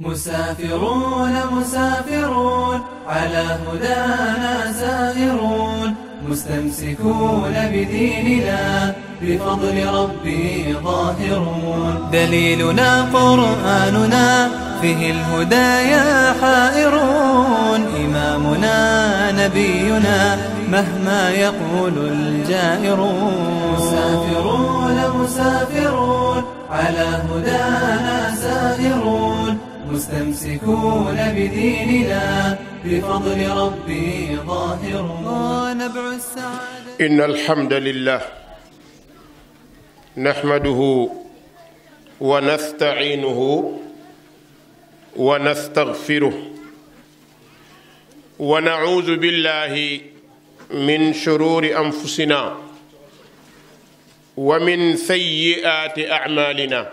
مسافرون مسافرون على هدانا سائرون مستمسكون بديننا بفضل ربي ظاهرون دليلنا قرآننا فيه الهدايا حائرون إمامنا نبينا مهما يقول الجائرون مسافرون مسافرون على هدانا سائرون مستمسكون بديننا بفضل ربي ظاهر ونبع السعادة إن الحمد لله نحمده ونستعينه ونستغفره ونعوذ بالله من شرور أنفسنا ومن سيئات أعمالنا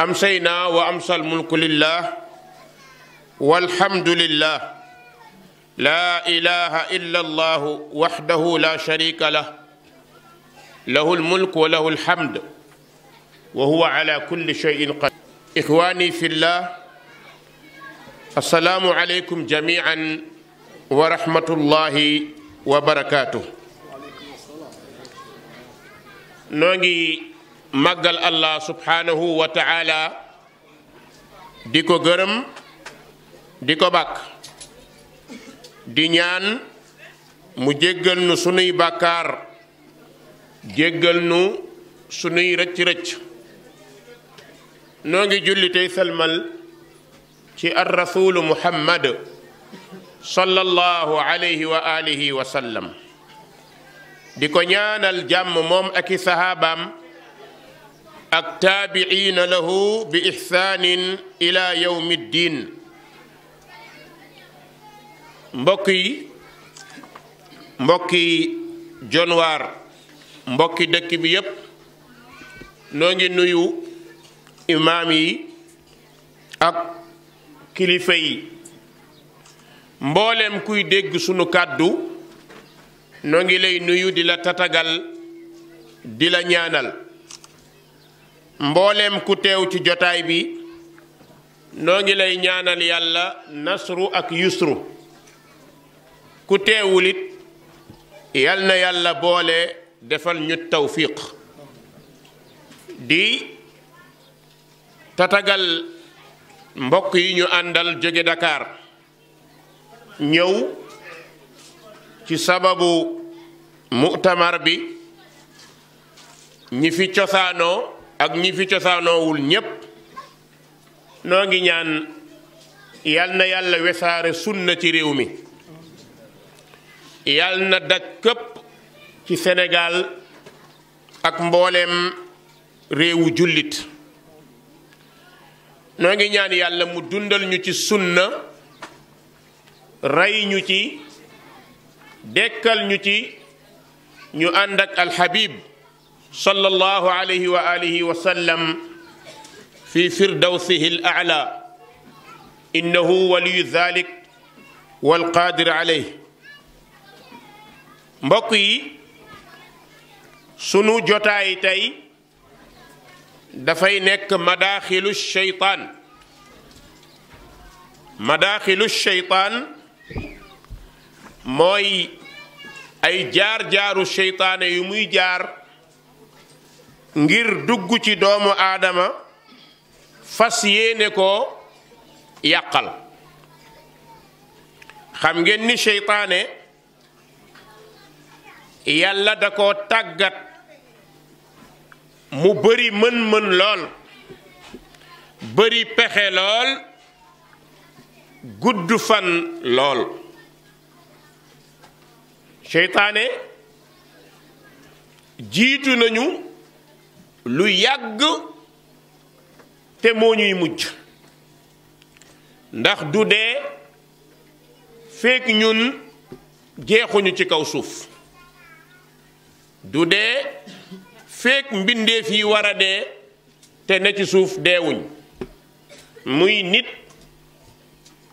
أمسينا وأمسى الملك لله والحمد لله لا إله إلا الله وحده لا شريك له له الملك وله الحمد وهو على كل شيء قدير إخواني في الله السلام عليكم جميعا ورحمة الله وبركاته نوغي màggal allah subhanahu wa ta'ala di ko gërëm di ko bàkk di ñaan mu jéggal nu sunuy bàkkaar jéggal nu sunuy rëcc-rëcc noo ngi julli tey ci ar rasulu muhammad sallallahu alayhi wa alihi wa sallam di ko ñaanal jàmm moom ak i ak taabiina lahu bi ixsaanin ila yowmi ddin mbokki jonwaar mbokki dëkk bi yépp noo ngi nuyu imaam yi ak kilifa yi mbooleem kuy dégg sunu kàddu noo ngi lay nuyu di la tatagal di la ñaanal mbooleem ku teew ci jotaay bi noo ngi lay ñaanal yàlla nasru ak yusru ku teewulit yal na yàlla boole defal ñu tawfiq di tatagal mbokk yi ñu àndal jóge Dakar ñëw ci sababu mu'tamar bi ñi fi cosaanoo ak ñi fi cosaanoowul ñépp noo ngi ñaan yal na yàlla wesaare sunna ci réew mi yal na daj këpp ci Sénégal ak mbooleem réewu jullit noo ngi ñaan yàlla mu dundal ñu ci sunna rey ñu ci dekkal ñu ci ñu ànd ak alxabib sallallahu alayhi wa alihi wa sallam fi firdawsihi al a'la innahu waliyu dhalik wal qadir alayh mbokk yi sunu jotaay tey dafay nekk madaaxilu sheytaan madaaxilu sheytaan mooy ay jaar-jaaru sheytaane yu muy jaar ngir dugg ci doomu aadama fas yéene ko yàqal xam ngeen ni seytaane yàlla da ko tàggat mu bari mën-mën lool bari pexe lool gudd fan lool seytaane jiitu nañu lu yàgg te moo ñuy mujj ndax du dee fekk ñun jeexuñu ci kaw suuf du dee fekk mbindeef yi war a dee te ne ci suuf deewuñ muy nit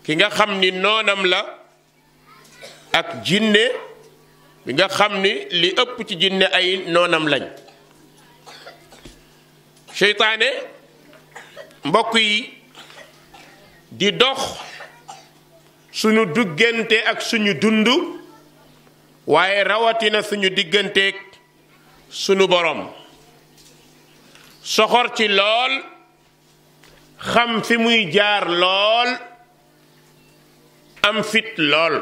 ki nga xam ni noonam la ak jinne bi nga xam ni li ëpp ci jinne ay noonam lañ seytaane mbokk yi di dox suñu duggante ak suñu dund waaye rawatina suñu digganteeg suñu boroom soxor ci lool xam fi muy jaar lool am fit lool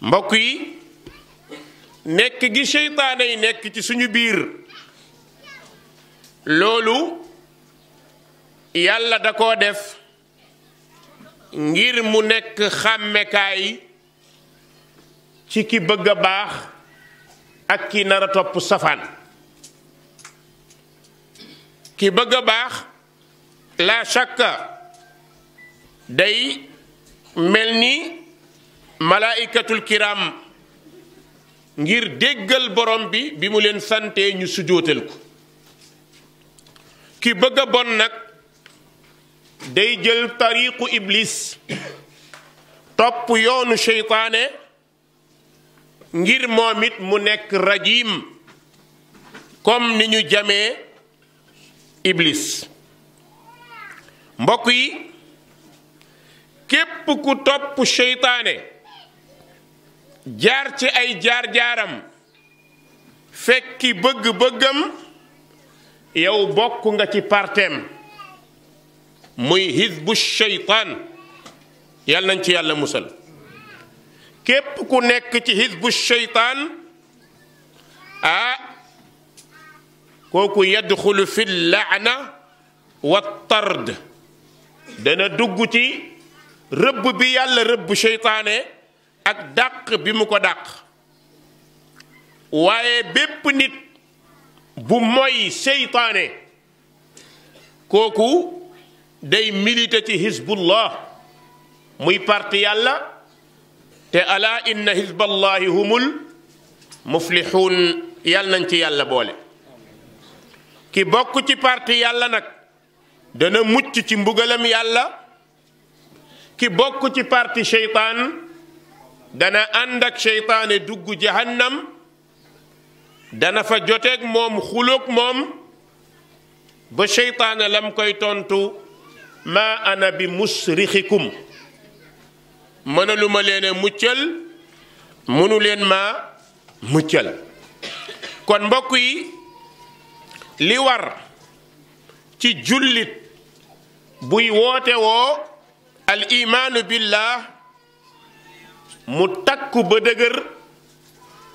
mbokk yi nekk gi seytaane yi nekk ci suñu biir loolu yàlla da ko def ngir mu nekk xàmmekaay ci ki bëgg a baax ak ki nar a topp safaan ki bëgg a baax laa shakka day mel ni malaaykatul kiram ngir déggal borom bi bi mu leen sante ñu sujootal ko ki bëgg bon nag day jël tariqu iblis topp yoonu seytaane ngir moom it mu nekk rajim kom ni ñu jamee iblis mbokk yi képp ku topp seytaane jaar ci ay jaar-jaaram fekki bëgg-bëggam yow bokk nga ci parteem muy hizbu shaytaan yàlla nañ ci yàlla musal képp ku nekk ci hizbu shaytaan ah kooku yadxulu fi laana wa tard dana dugg ci rëbb bi yàlla rëbb sheytaane ak dàq bi mu ko dàq waaye bépp nit bu moy seytaane kooku dey milité ci hizbullah muy parti yàlla te ala inna hizballahi humul muflihun yal nañ ci yàlla boole ki bokk ci parti yàlla nag dana mucc ci mbugalam yàlla ki bokk ci parti seytaan dana ànd ak seytaane dugg jahannam dana fa joteeg moom xuloog moom ba seytaane lam koy tontu ma ana bi musrixikum mënaluma leen a muccal mënu maa muccal kon mbokk yi li war ci jullit buy woote woo al imaanu billah mu takku ba dëgër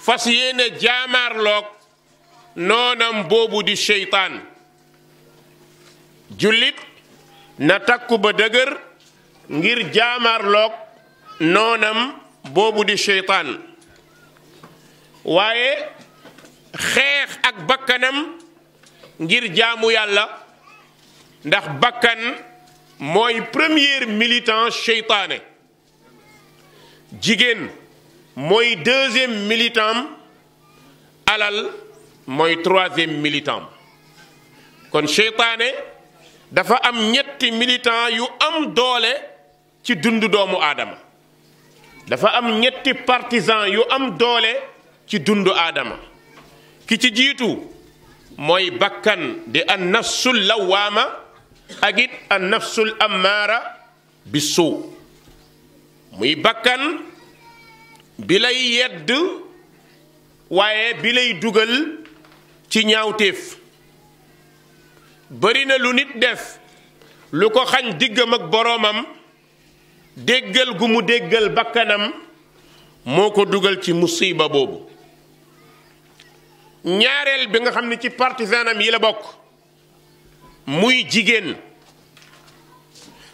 fas yéene jaamaarloog noonam boobu di seytaan jullit na takku ba dëgër ngir jaamaarloog noonam boobu di seytaan waaye xeex ak bakkanam ngir jaamu yàlla ndax bakkan mooy premier militan seytaane jigéen mooy deuxième militant alal mooy troisième militant kon seytaane dafa am ñetti militant yu am doole ci dundu doomu aadama dafa am ñetti partisan yu am doole ci dundu aadama ki ci jiitu mooy bakkan di an nafsul lawaama ak it an nafsul ammaara bi suu muy bakkan bi lay yedd waaye bi lay dugal ci ñaawteef bari na lu nit def lu ko xañ diggam ak boroomam déggal gu mu déggal bakkanam moo ko dugal ci musiba boobu ñaareel bi nga xam ne ci partisanam yi la bokk muy jigéen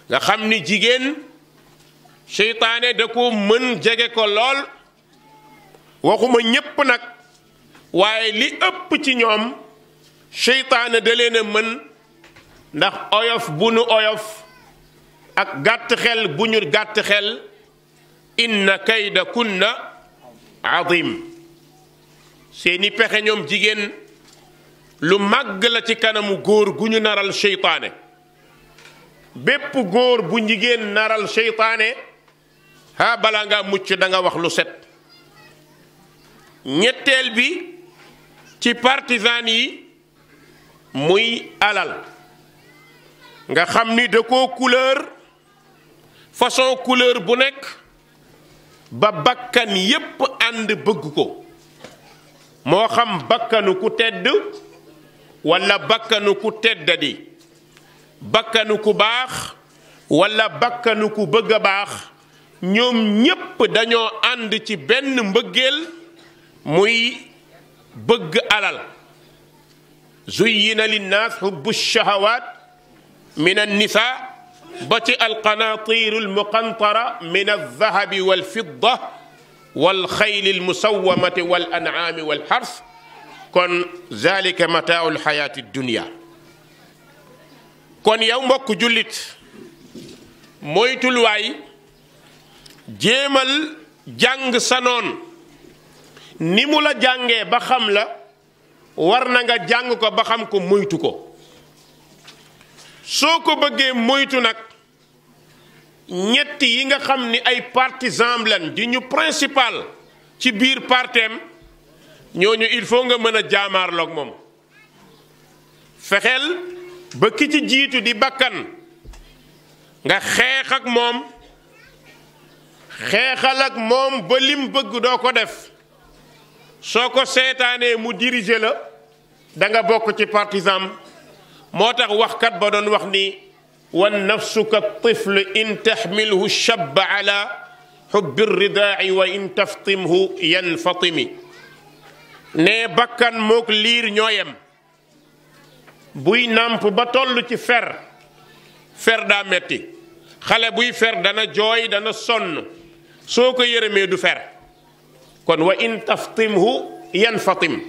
nga xam ni jigéen seytaane da ko mën jege ko lool waxuma ñépp nag waaye li ëpp ci ñoom seytaane da leen a mën ndax oyof bu nu oyof ak gàtt xel bu ñu gàtt xel inna kayda kunna azim seeni pexe ñoom jigéen lu màgg la ci kanamu góor gu ñu naral seytaane bépp góor bu jigéen naral seytaane ha balaa ngaa mucc danga wax lu set ñetteel bi ci partizan yi muy alal nga xam ni da koo couleur façon couleur bu nekk ba bakkan yépp ànd bëgg ko moo xam bakkanu ku tedd walla bakkanu ku teddadi bakkanu ku baax walla bakkanu ku bëgg a baax ñoom ñépp dañoo ànd ci benn mbëggeel muy bëgg alal zuyyina linnaas hubbu shahawaat min annisaa ba ci alqanaatiiru almuqantara min aldahabi walfidda walxayli almusawamati wal ancaami walxars kon zalika mataau alxayaati dunia kon yow mbokk jullit moytul waay jéemal jàng sa noon ni mu la jàngee ba xam la war na nga jàng ko ba xam ko moytu ko soo ko bëggee moytu nag ñetti yi nga xam ni ay partisan lan di ñu principal ci biir parteem ñooñu il faut nga mën a jaamaarloog moom fexeel ba ki ci jiitu di bakkan nga xeex ak moom xeexal ak moom ba lim bëgg doo ko def soo ko seetaanee mu diriger la danga bokk ci partisan moo tax waxkat ba doon wax ni wan nafsu ka tifl in taxmilhu shab ala xubbi ridaa'i wa in taftimhu yanfatimi ne bakkan mook liir ñooyem buy nàmp ba toll ci fer fer daa metti xale buy fer dana jooy dana sonn soo ko yërëmee du fer kon wa in taftimhu yan fatim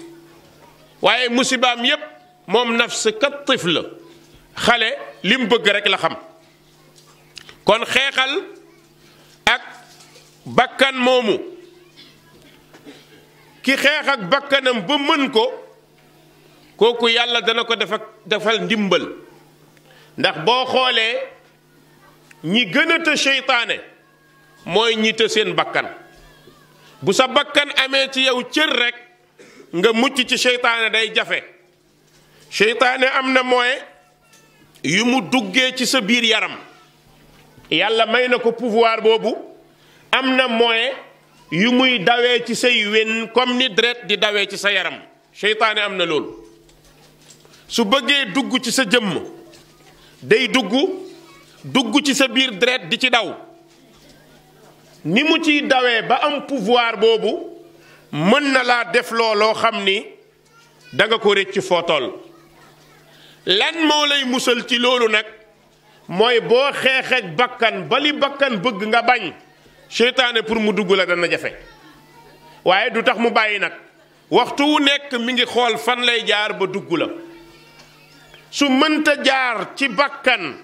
waaye musibaam yépp moom nafs kat tif la xale lim bëgg rekk la xam kon xeexal ak bakkan moomu ki xeex ak bakkanam ba mën ko kooku yàlla dana ko def ak defal ndimbal ndax boo xoolee ñi gën a të seytaane mooy ñi seen bakkan bu sa bakkan amee ci yow cër rekk nga mucc ci seytaane day jafe seytaane am na moyen yu mu duggee ci sa biir yaram yàlla may na ko pouvoir boobu am na moyen yu muy dawee ci say wen comme ni deret di dawee ci sa yaram seytaane am na loolu su bëggee dugg ci sa jëmm day dugg dugg ci sa biir deret di ci daw ni mu ciy dawee ba am pouvoir boobu mën na laa def looloo xam ni danga ko rëcc foo toll lan moo lay musal ci loolu nag mooy boo xeexeeg bakkan bali bakkan bëgg nga bañ seytaane pour mu dugg la dana jafe waaye du tax mu bàyyi nag waxtu wu nekk mu ngi xool fan lay jaar ba dugg la su mënta jaar ci bakkan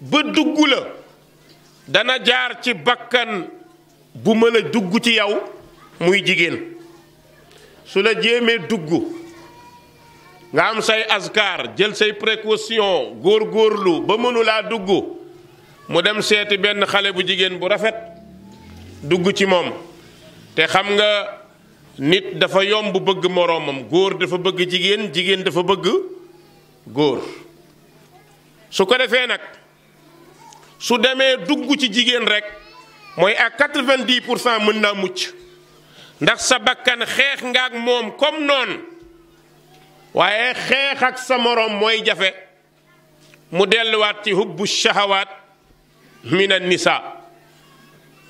ba dugg la dana jaar ci bàkkan bu mën a dugg ci yow muy jigéen su la jéemee dugg nga am say askar jël say précaution góorgóorlu ba mënulaa dugg mu dem seeti benn xale bu jigéen bu rafet dugg ci moom te xam nga nit dafa yomb bëgg moroomam góor dafa bëgg jigéen jigéen dafa bëgg góor su ko defee nag su demee dugg ci jigéen rekk mooy ak quatre vingt pour cent mën naa mucc ndax sa bakkan xeex nga ak moom comme noon waaye xeex ak sa moroom mooy jafe mu delluwaat ci hubbu shahawaat mina nisa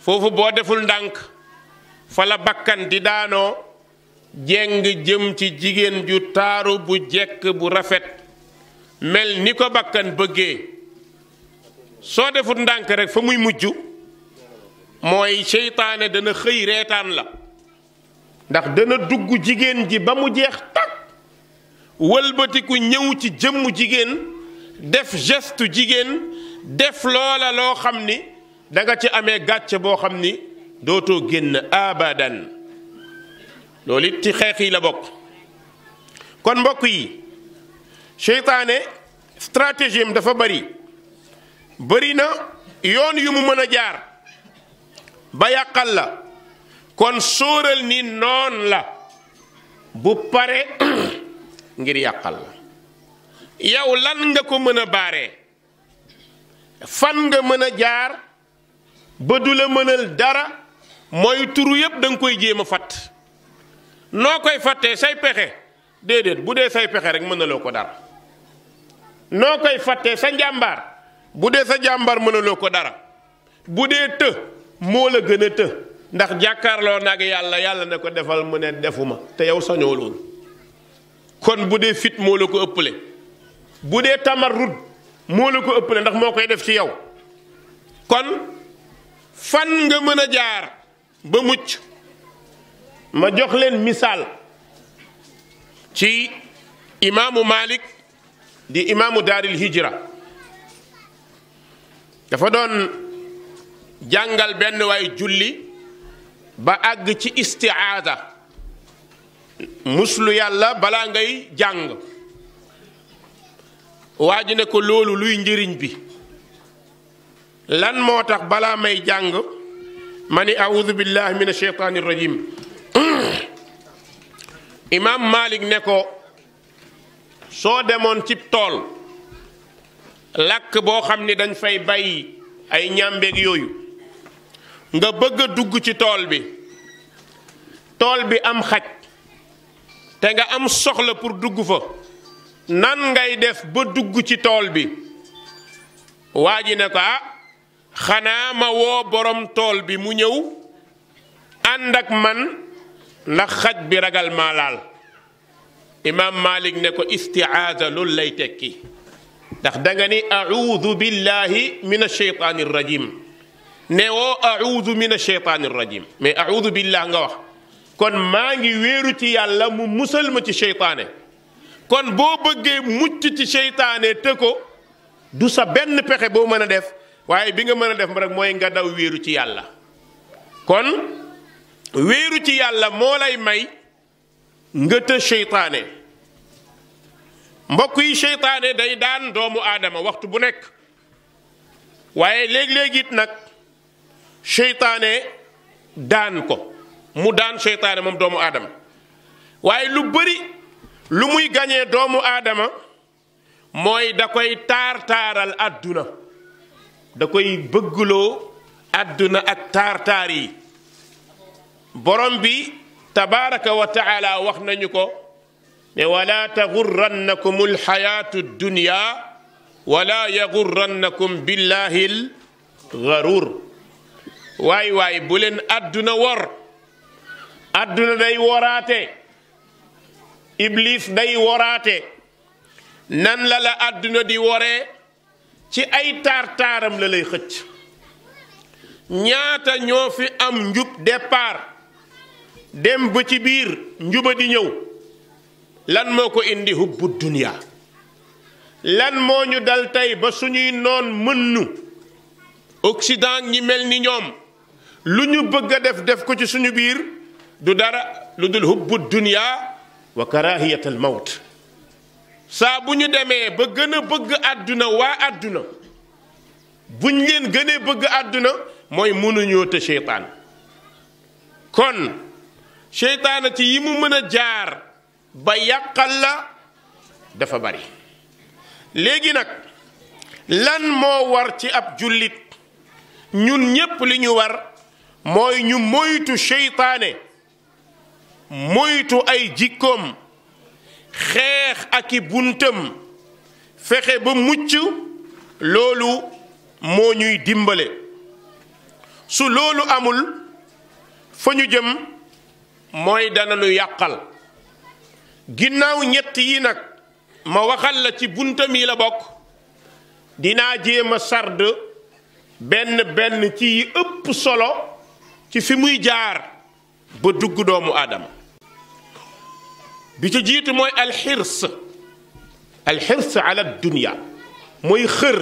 foofu boo deful ndànk fa la bakkan di daanoo jeng jëm ci jigéen ju taaru bu jekk bu rafet mel ni ko bakkan bëggee soo defut ndànk rek fa muy mujj mooy seytaane dana xëy reetaan la ndax dana dugg jigéen ji ba mu jeex tàkk wëlbatiku ñëw ci jëmm jigéen def gestu jigéen def loola loo xam ni danga ci amee gàcce boo xam ni dootoo génn abadan loolu it ci xeex yi la bokk kon mbokk yi seytaane stratégiem dafa bari bëri na yoon yu mu mën a jaar ba yàqal la kon sóoral ni noon la bu pare ngir yàqal la yow lan nga ko mën a baaree fan nga mën a jaar ba du la mënal dara mooy turu yépp danga koy jéem a fat noo koy fattee say pexe déedéet bu dee say pexe rek mënaloo ko dara noo koy fattee sa njàmbaar bu dee sa jàmbar mënaloo ko dara bu dee të moo la gën a të ndax jàkkaarloo nag yàlla yàlla ne ko defal mu ne defuma te yow sañoo loolu kon bu dee fit moo la ko ëppale bu dee tamarrud moo la ko ëppale ndax moo koy def ci yow kon fan nga mën a jaar ba mucc ma jox leen misaal ci imaamu Malik di imaamu daaril hijra dafa doon jàngal benn waay julli ba àgg ci istiaada muslu yàlla balaa ngay jàng waa ji ne ko loolu luy njëriñ bi lan moo tax balaa may jàng ma ni audu billahi min asheytaani rajim imaam Malik ne ko soo demoon cib tool làkk boo xam ni dañ fay bàyyi ay ñàmbeeg yooyu nga bëgg a dugg ci tool bi tool bi am xaj te nga am soxla pour dugg fa nan ngay def ba dugg ci tool bi waa ji ne ko ah xanaa ma woo boroom tool bi mu ñëw ànd ak man ndax xaj bi ragal maa laal imaam Malik ne ko istiaada loolu lay tekki ndax da nga ni audu billahi min alcheytaani rajim ne woo audu min alcheytaani rajim mais audu billah nga wax kon maa ngi wéeru ci yàlla mu musalma ci seytaane kon boo bëggee mucc ci seytaane te ko du sa benn pexe boo mën a def waaye bi nga mën a def rek mooy nga daw wéeru ci yàlla kon wéeru ci yàlla moo lay may nga të seytaane mbokk yi seytaane day daan doomu aadama waxtu bu nekk waaye léeg-léeg nag seytaane daan ko mu daan seytaane moom doomu aadama waaye lu bari lu muy gañee doomu aadama mooy da koy taar-taaral àdduna da koy bëgguloo àdduna ak taar-taar yi borom bi tabaraka wa wax nañu ko mais wala tagurrannakum alxayatu dunia wala yagurrannakum billahi lgarur waay waay bu leen àdduna wor àdduna day woraate iblis day woraate nan la la àdduna di woree ci ay taar-taaram la lay xëcc ñaata ñoo fi am njub départ dem ba ci biir njuba di ñëw lan moo ko indi hubbu dunia lan moo ñu dal tey ba suñuy noon mën nu Occident ñi mel ni ñoom lu ñu bëgg def def ko ci suñu biir du dara lu dul hubbu dunia wa karahiyat mawt saa bu ñu demee ba gën a bëgg àdduna waa àdduna buñ leen gënee bëgg àdduna mooy mënuñoo te seytaan kon seytaana ci yi mu mën a jaar ba yàqal la dafa bari léegi nag lan moo war ci ab jullit ñun ñépp li ñu war mooy ñu moytu seytaane moytu ay jikkoom xeex ak i buntam fexe ba mucc loolu moo ñuy dimbale su loolu amul fa ñu jëm mooy dana lu yàqal ginnaaw ñett yi nag ma waxal la ci buntam yi la bokk dinaa jéema a sard benn benn ci yi ëpp solo ci fi muy jaar ba dugg doomu aadama bi ci jiitu mooy alxirs alxirs ala dunia mooy xër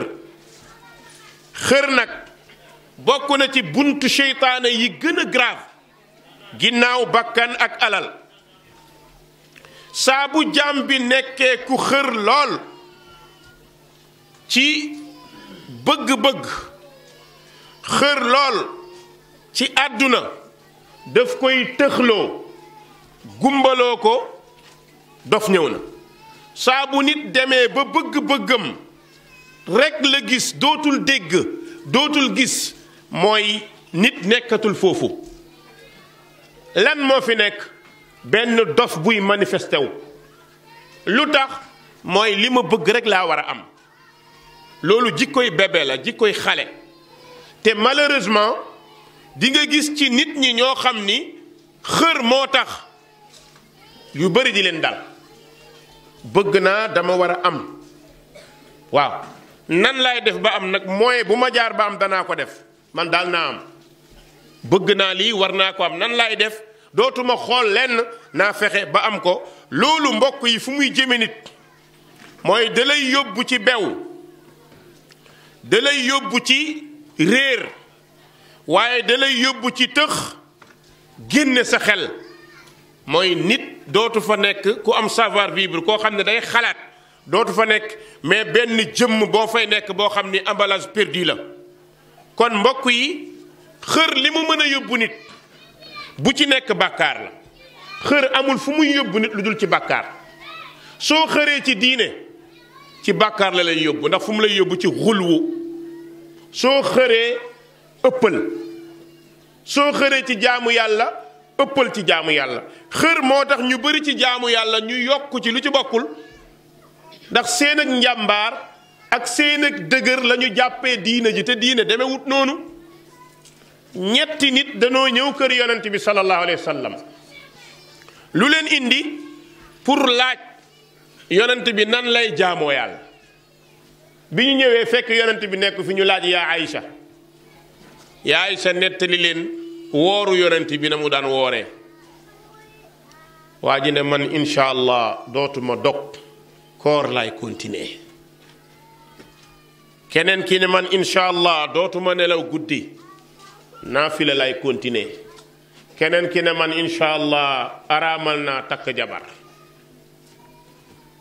xër nag bokk na ci buntu seytaane yi gën a grave ginnaaw bakkan ak alal saa bu jaam bi nekkee ku xër lool ci bëgg-bëgg xër lool ci àdduna daf koy tëxloo gumbaloo ko dof ñëw na saa bu nit demee ba bëgg-bëggam rekk la gis dootul dégg dootul gis mooy nit nekkatul foofu lan moo fi nekk benn dof buy manifesté wu lu tax mooy li ma bëgg rek laa war a am loolu jikkoy bebe la jikkoy xale te malheureusement di nga gis ci nit ñi ñoo xam ni xër moo tax yu bëri di leen dal bëgg naa dama war a am waaw nan laay def ba am nag mooy bu ma jaar ba am danaa ko def man daal naa am bëgg naa lii war naa ko am nan laay def dootuma xool lenn naa fexe ba am ko loolu mbokk yi fu muy jëme nit mooy dalay yóbbu ci bew dalay yóbbu ci réer waaye dalay yóbbu ci tëx génne sa xel mooy nit dootu fa nekk ku am savoir vivre koo xam ne day xalaat dootu fa nekk mais benn jëmm boo fay nekk boo xam ni emballage perdu la kon mbokk yi xër li mu mën a yóbbu nit bu ci nekk bàkkaar la xër amul fu muy yóbbu nit lu dul ci bàkkaar soo xëree ci diine ci bàkkaar la lay yóbbu ndax fu mu lay yóbbu ci xulwu soo xëree ëppal soo xëree ci jaamu yàlla ëppal ci jaamu yàlla xër moo tax ñu bari ci jaamu yàlla ñu yokk ci lu ci bokkul ndax seen ak njàmbaar ak seen ak dëgër lañu ñu jàppee diine ji te diine demewut noonu ñetti nit danoo ñëw kër yonent bi sallallahu alayhi wa lu leen indi pour laaj yonent bi nan lay jaamoo yàlla bi ñu ñëwee fekk yonent bi nekk fi ñu laaj yaa Aïcha yaa Aïcha nettali leen wooru yonent bi na mu daan wooree waa ji ne man incha allah dootuma dog koor lay continuer keneen ki ne man incha allah dootuma nelaw guddi naafila lay continuer keneen ki ne man incha araamal naa takk jabar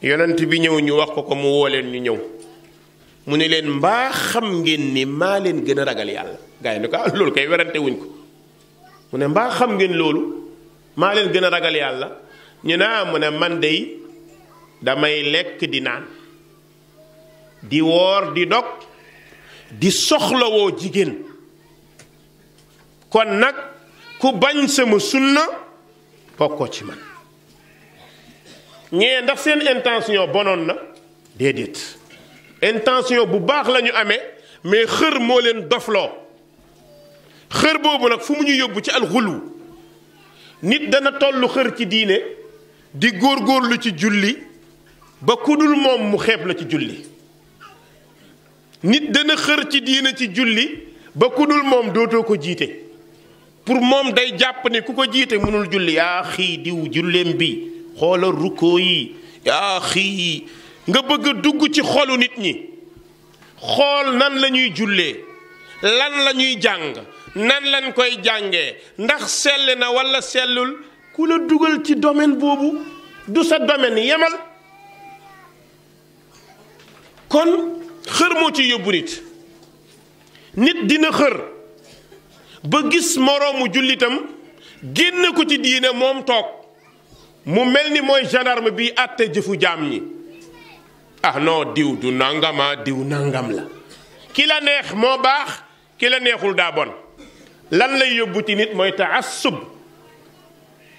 yonent bi ñëw ñu wax ko ko mu woo leen ñu ñëw mu ne leen mbaa xam ngeen ni maa leen gën a ragal yàlla gars yi ne ko ah loolu kay werante wuñ ko mu ne mbaa xam ngeen loolu maa leen gën a ragal yàlla ñu naa ah, mu ne man dey damay lekk di naan di woor di dog di soxlawoo jigéen kon nag ku bañ sama sunna bokkoo ci man ñee ndax seen intention bonoon na déedéet intention bu baax lañu ame amee mais xër moo leen dofloo xër boobu nag fu mu ñu yóbbu ci alxulu nit dana tollu xër ci diine di góorgóorlu ci julli ba ku dul moom mu xeeb la ci julli nit dana xër ci diine ci julli ba ku dul moom dootoo ko jiite pour moom day jàpp ne ku ko jiite mënul julli yaa xii diw julleem bi xoolal rukkoo yi yaa xii nga bëgg dugg ci xolu nit ñi xool nan lañuy jullee lan lañuy jàng nan lañ koy jànge ndax sell na walla sellul ku la dugal ci domaine boobu du sa domaine yemal kon xër moo ci yóbbu nit nit dina xër ba gis moroomu jullitam génn ko ci diine moom toog mu mel ni mooy gendarme bi àtte jëfu jaam ñi ah noo diw du nangama diw nangam la ki la neex moo baax ki la neexul daa bon lan lay yóbbu ci nit mooy taassub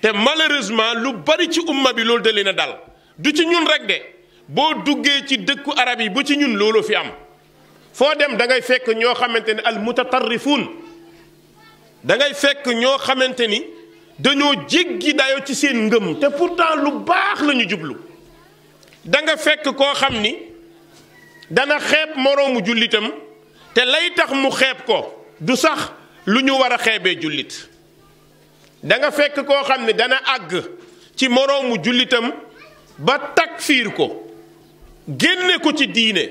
te malheureusement lu bari ci umma bi loolu da leen a dal du ci ñun rek de boo duggee ci dëkku arab yi bu ci ñun loolu fi am foo dem da ngay fekk ñoo xamante ne al mutatarrifuun da ngay fekk ñoo xamante ni dañoo jéggi dayo ci seen ngëm te pourtant lu baax la jublu danga fekk koo xam ni dana xeeb moroomu jullitam te lay tax mu xeeb ko du sax lu ñu war a xeebee jullit danga fekk koo xam ne dana àgg ci moroomu jullitam ba fiir ko génne ko ci diine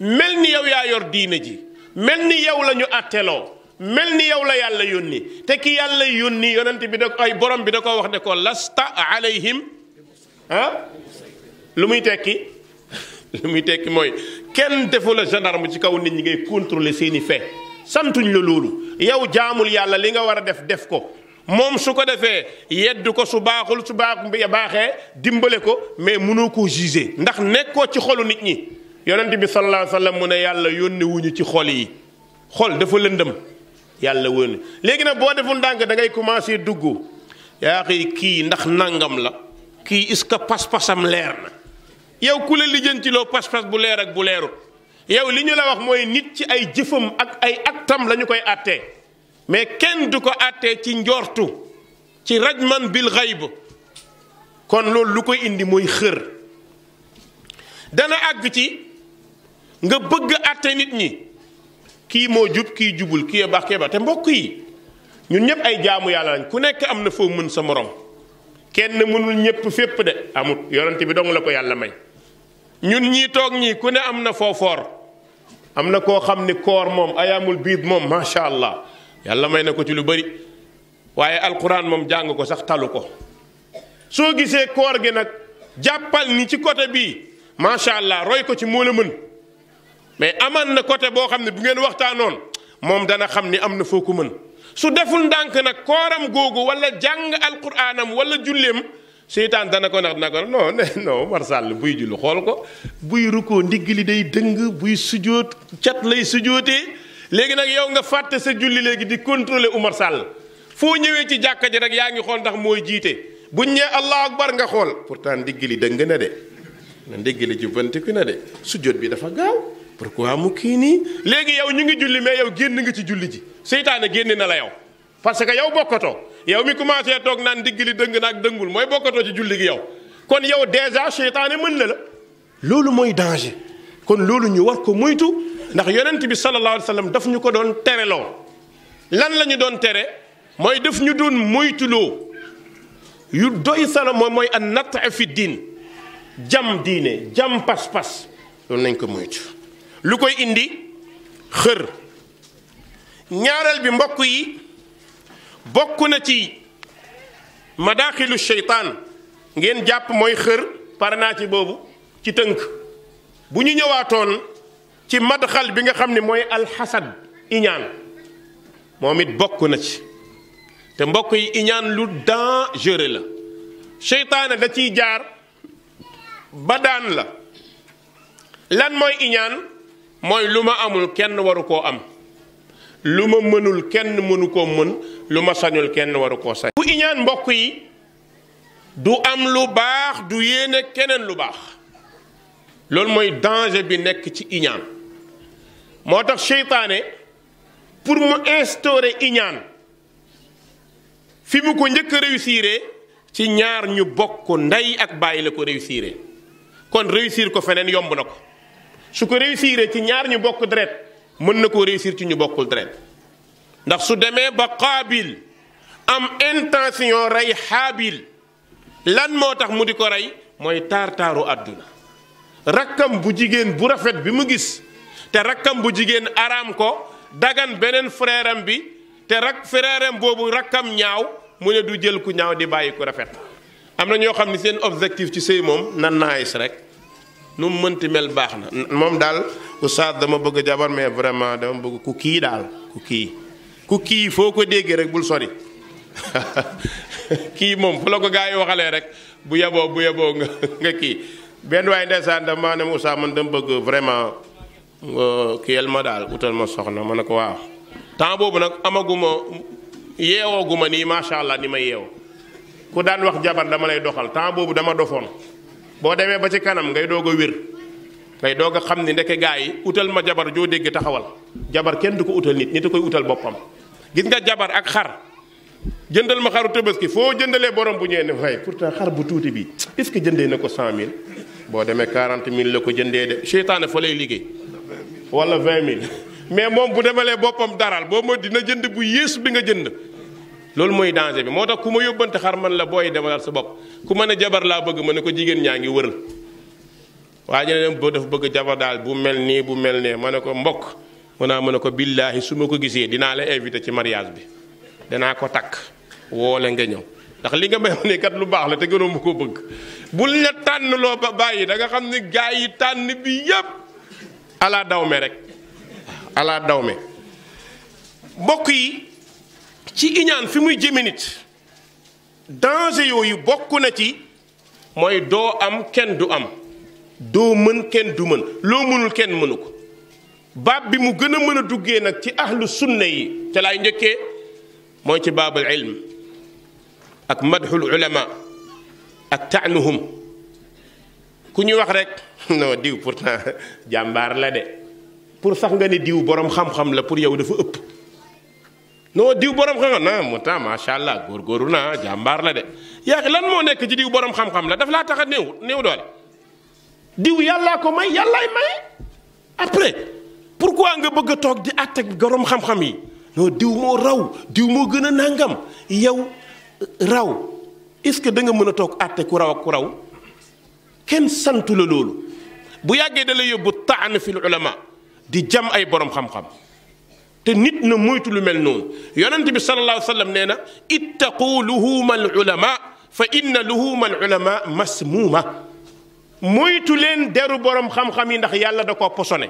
mel ni yow yaa yor diine ji mel ni yow lañu ñu mel ni yow la yàlla yónni te ki yàlla yónni yonent bi da ay borom bi da ko wax ne ko lasta alayhim ah lu muy tekki lu muy tekki mooy kenn defu la gendarme ci kaw nit ñi ngay contrôler seeni fait santuñ la loolu yow jaamul yàlla li nga war a def def ko moom su ko defee yeddu ko su baaxul su baax bi baaxee dimbale ko mais mënoo koo juger ndax nekkoo ci xolu nit ñi yonent bi sallallahu alayhi wa sallam mu ne yàlla yónni wuñu ci xol yi xol dafa lëndëm yàlla wóon léegi nag boo deful ndànk da ngay commencé dugg yaa xëy kii ndax nangam la kii est-ce que pas-pasam leer na yow ku la lijjantiloo pas-pas bu leer ak bu leeru yow li ñu la wax mooy nit ci ay jëfam ak ay actam lañu koy àttee mais kenn du ko àttee ci njoortu ci man bil xayb kon loolu lu koy indi mooy xër dana àgg ci nga bëgg àtte nit ñi kii moo jub kii jubul kii baax kii baax te mbokk yi ñun ñëpp ay jaamu yàlla lañ ku nekk am na foo mën sa moroom kenn mënul ñëpp fépp de amut yonent bi dong la ko yàlla may. ñun ñii toog ñii ku ne am na foofoor am na koo xam ni koor moom ayaamul biid moom macha allah yàlla may na ko ci lu bari waaye alquran moom jàng ko sax talu ko soo gisee koor gi nag jàppal ni ci côté bii macha allah roy ko ci moo la mën. mais amaan na côté boo xam ne bu ngeen waxtaanoon moom dana xam ni am na foo ko mën su deful ndànk nag kooram googu wala jàng alquraanam wala julleem seytaan dana ko nax na ko non non Omar Sall buy julli xool ko buy rukkoo ndigg li day dëng buy sujoot cat lay sujootee léegi nag yow nga fàtte sa julli léegi di contrôler Omar Sall foo ñëwee ci jàkka ji rek yaa ngi xool ndax mooy jiite buñ ñee allahu bar nga xool pourtant ndigg li dëng na de ndigg li jubbantiku na de sujoot bi dafa gaaw pour pourquoi mu kii nii léegi yow ñu ngi julli mais yow génn ngi ci julli ji seytaane génne na la yow parce que yow bokkatoo yow mi commencé toog naan digg li dëng naag dëngul mooy bokkatoo ci julli gi yow kon yow déjà seytaane mën na la loolu mooy danger kon loolu ñu war ko moytu ndax yonent bi sallallahu alayhi wa sallam ko doon tereloo lan la ñu doon tere mooy daf ñu doon moytuloo yu doy sala moom mooy an natt fi diin jam diine jam pas-pas loolu nañ ko moytu lu koy indi xër ñaareel bi mbokk yi bokk na ci madaaxilu seytaan ngeen jàpp mooy xër pare boobu ci tënk bu ñu ñëwaatoon ci madxal bi nga xam ni mooy alxasad iñaan moom it bokk na ci te mbokk yi iñaan lu dangereux la seytaane da ciy jaar ba daan la lan mooy iñaan mooy lu ma amul kenn waru koo am lu ma mënul kenn mënu koo mën lu ma sañul kenn waru koo sañ. ku iñaan mbokk yi du am lu baax du yéene keneen lu baax loolu mooy danger bi nekk ci iñaan moo tax seytaane pour mu instaurer iñaan fi mu ko njëkk a réussir ci ñaar ñu bokk ndey ak bàyyi la ko réussir kon réussir ko feneen yomb na ko. su ko réussir ci ñaar ñu bokk deret mën na koo réussir ci ñu bokkul deret ndax su demee ba Qaabil am intention rey Haabil lan moo tax mu di ko rey mooy taar-taaru àdduna rakkam bu jigéen bu rafet bi mu gis te rakkam bu jigéen araam ko dagan beneen frère bi te rak frère am boobu rakkam ñaaw mu ne du jël ku ñaaw di bàyyi ku rafet am na ñoo xam ne seen objectif ci sëy moom nan naayis rek nu mu mënti mel baax na moom daal oustaz dama bëgg a jabar mais vraiment dama bëgg ku kii daal ku kii ku kii foo ko déggee rek bul sori kii moom fu la ko gaa yi waxalee rek bu yaboo bu yaboo nga kii benn waaye ndeysaan dama maa ne Moussa man dama bëgg vraiment kiyel ma daal utal ma soxna ma ne ko waaw temps boobu nag amaguma ma nii macha allah ni ma yeew ku daan wax jabar dama lay doxal temps boobu dama dofoon boo demee ba ci kanam ngay doog a wér ngay doog a xam ni ndeke gaa yi utal ma jabar joo dégg taxawal jabar kenn du ko utal nit nit a koy utal boppam gis nga jabar ak xar jëndal ma xaru tabaski foo jëndalee borom bu ñëwee ne fay pourtant xar bu tuuti bi est-ce que jëndee na ko 100000 boo demee 40000 la ko jëndee de seytaane fa lay liggéey wala 20000 mais moom bu demalee boppam daral boo mooy dina jënd bu yéesu bi nga jënd loolu mooy danger bi moo tax ku ma yóbbante xar man la booy demalal sa bopp ku mën a jabar laa bëgg ma ne ko jigéen ñaa ngi wëral waaye ñu ne dafa bëgg jabar daal bu mel nii bu mel nee ma ne ko mbokk mu naa ma ne ko billaahi su ma ko gisee dinaa la invité ci mariage bi danaa ko takk woole nga ñëw ndax li nga may wax kat lu baax la te gënoon mu ko bëgg bul la tànn loo ba bàyyi da nga xam ne gaa yi tànn bi yépp alaa dawme rek alaa dawme yi ci iñaan fi muy jëme nit danger yooyu bokk na ci mooy doo am kenn du am doo mën kenn du mën loo mënul kenn mënu ko baab bi mu gën a mën a duggee nag ci ahlu sunna yi te laay njëkkee mooy ci baabul ilm ak madxul ulama ak taanuhum ku ñu wax rek non diw pourtant jàmbaar la de pour sax nga ne diw borom xam-xam la pour yow dafa ëpp non diw borom xam-xam na mu ta macha allah góorgóorlu na jàmbaar la de yaa lan moo nekk ci diw borom xam-xam la daf laa tax a néew néew doole diw yàllaa ko may yàllaay maye après pourquoi nga bëgg a toog di àtteeg goroom xam-xam yi non diw moo raw diw moo gën a nàngam yow raw est-ce que da nga mën a toog àtte ku raw ak ku raw kenn santu la loolu bu yàggee da lay yóbbu taan fil ulama di jam ay boroom xam-xam. te nit na moytu lu mel noonu yonent bi sallallahu alayhi wa sallam nee na ittaqu luhuuma al ulama fa inna luhuuma al ulama masmuuma moytu leen deru borom xam-xam yi ndax yàlla da koo posone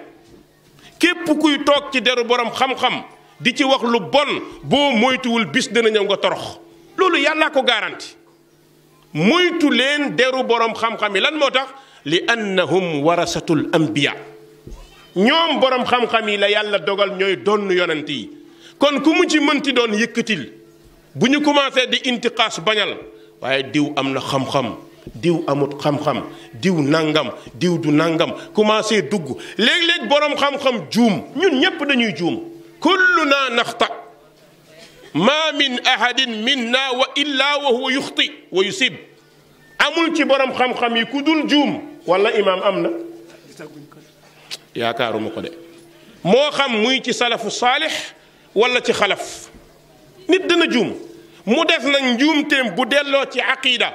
képp kuy toog ci deru borom xam-xam di ci wax lu bon boo moytuwul bis dana ñëw nga torox loolu yàllaa ko garanti moytu leen deru borom xam-xam yi lan moo tax li annahum warasatul anbiya ñoom borom xam-xam yi la yàlla dogal ñooy donn yonent yi kon ku mu ci mënti doon yëkkatil bu ñu commencé di intixaas bañal waaye diw am na xam-xam diw amut xam-xam diw nangam diw du nangam commencé dugg léeg-léeg borom xam-xam juum ñun ñépp dañuy juum kulluna naxta ma min ahadin minna wa illa wa huwa yuxti wa yusib amul ci borom xam-xam yi ku dul juum wala imaam am na yaakaaruma ko de moo xam muy ci salafu saalix walla ci xalaf nit dana juum mu def nag njuumteem bu delloo ci aqiida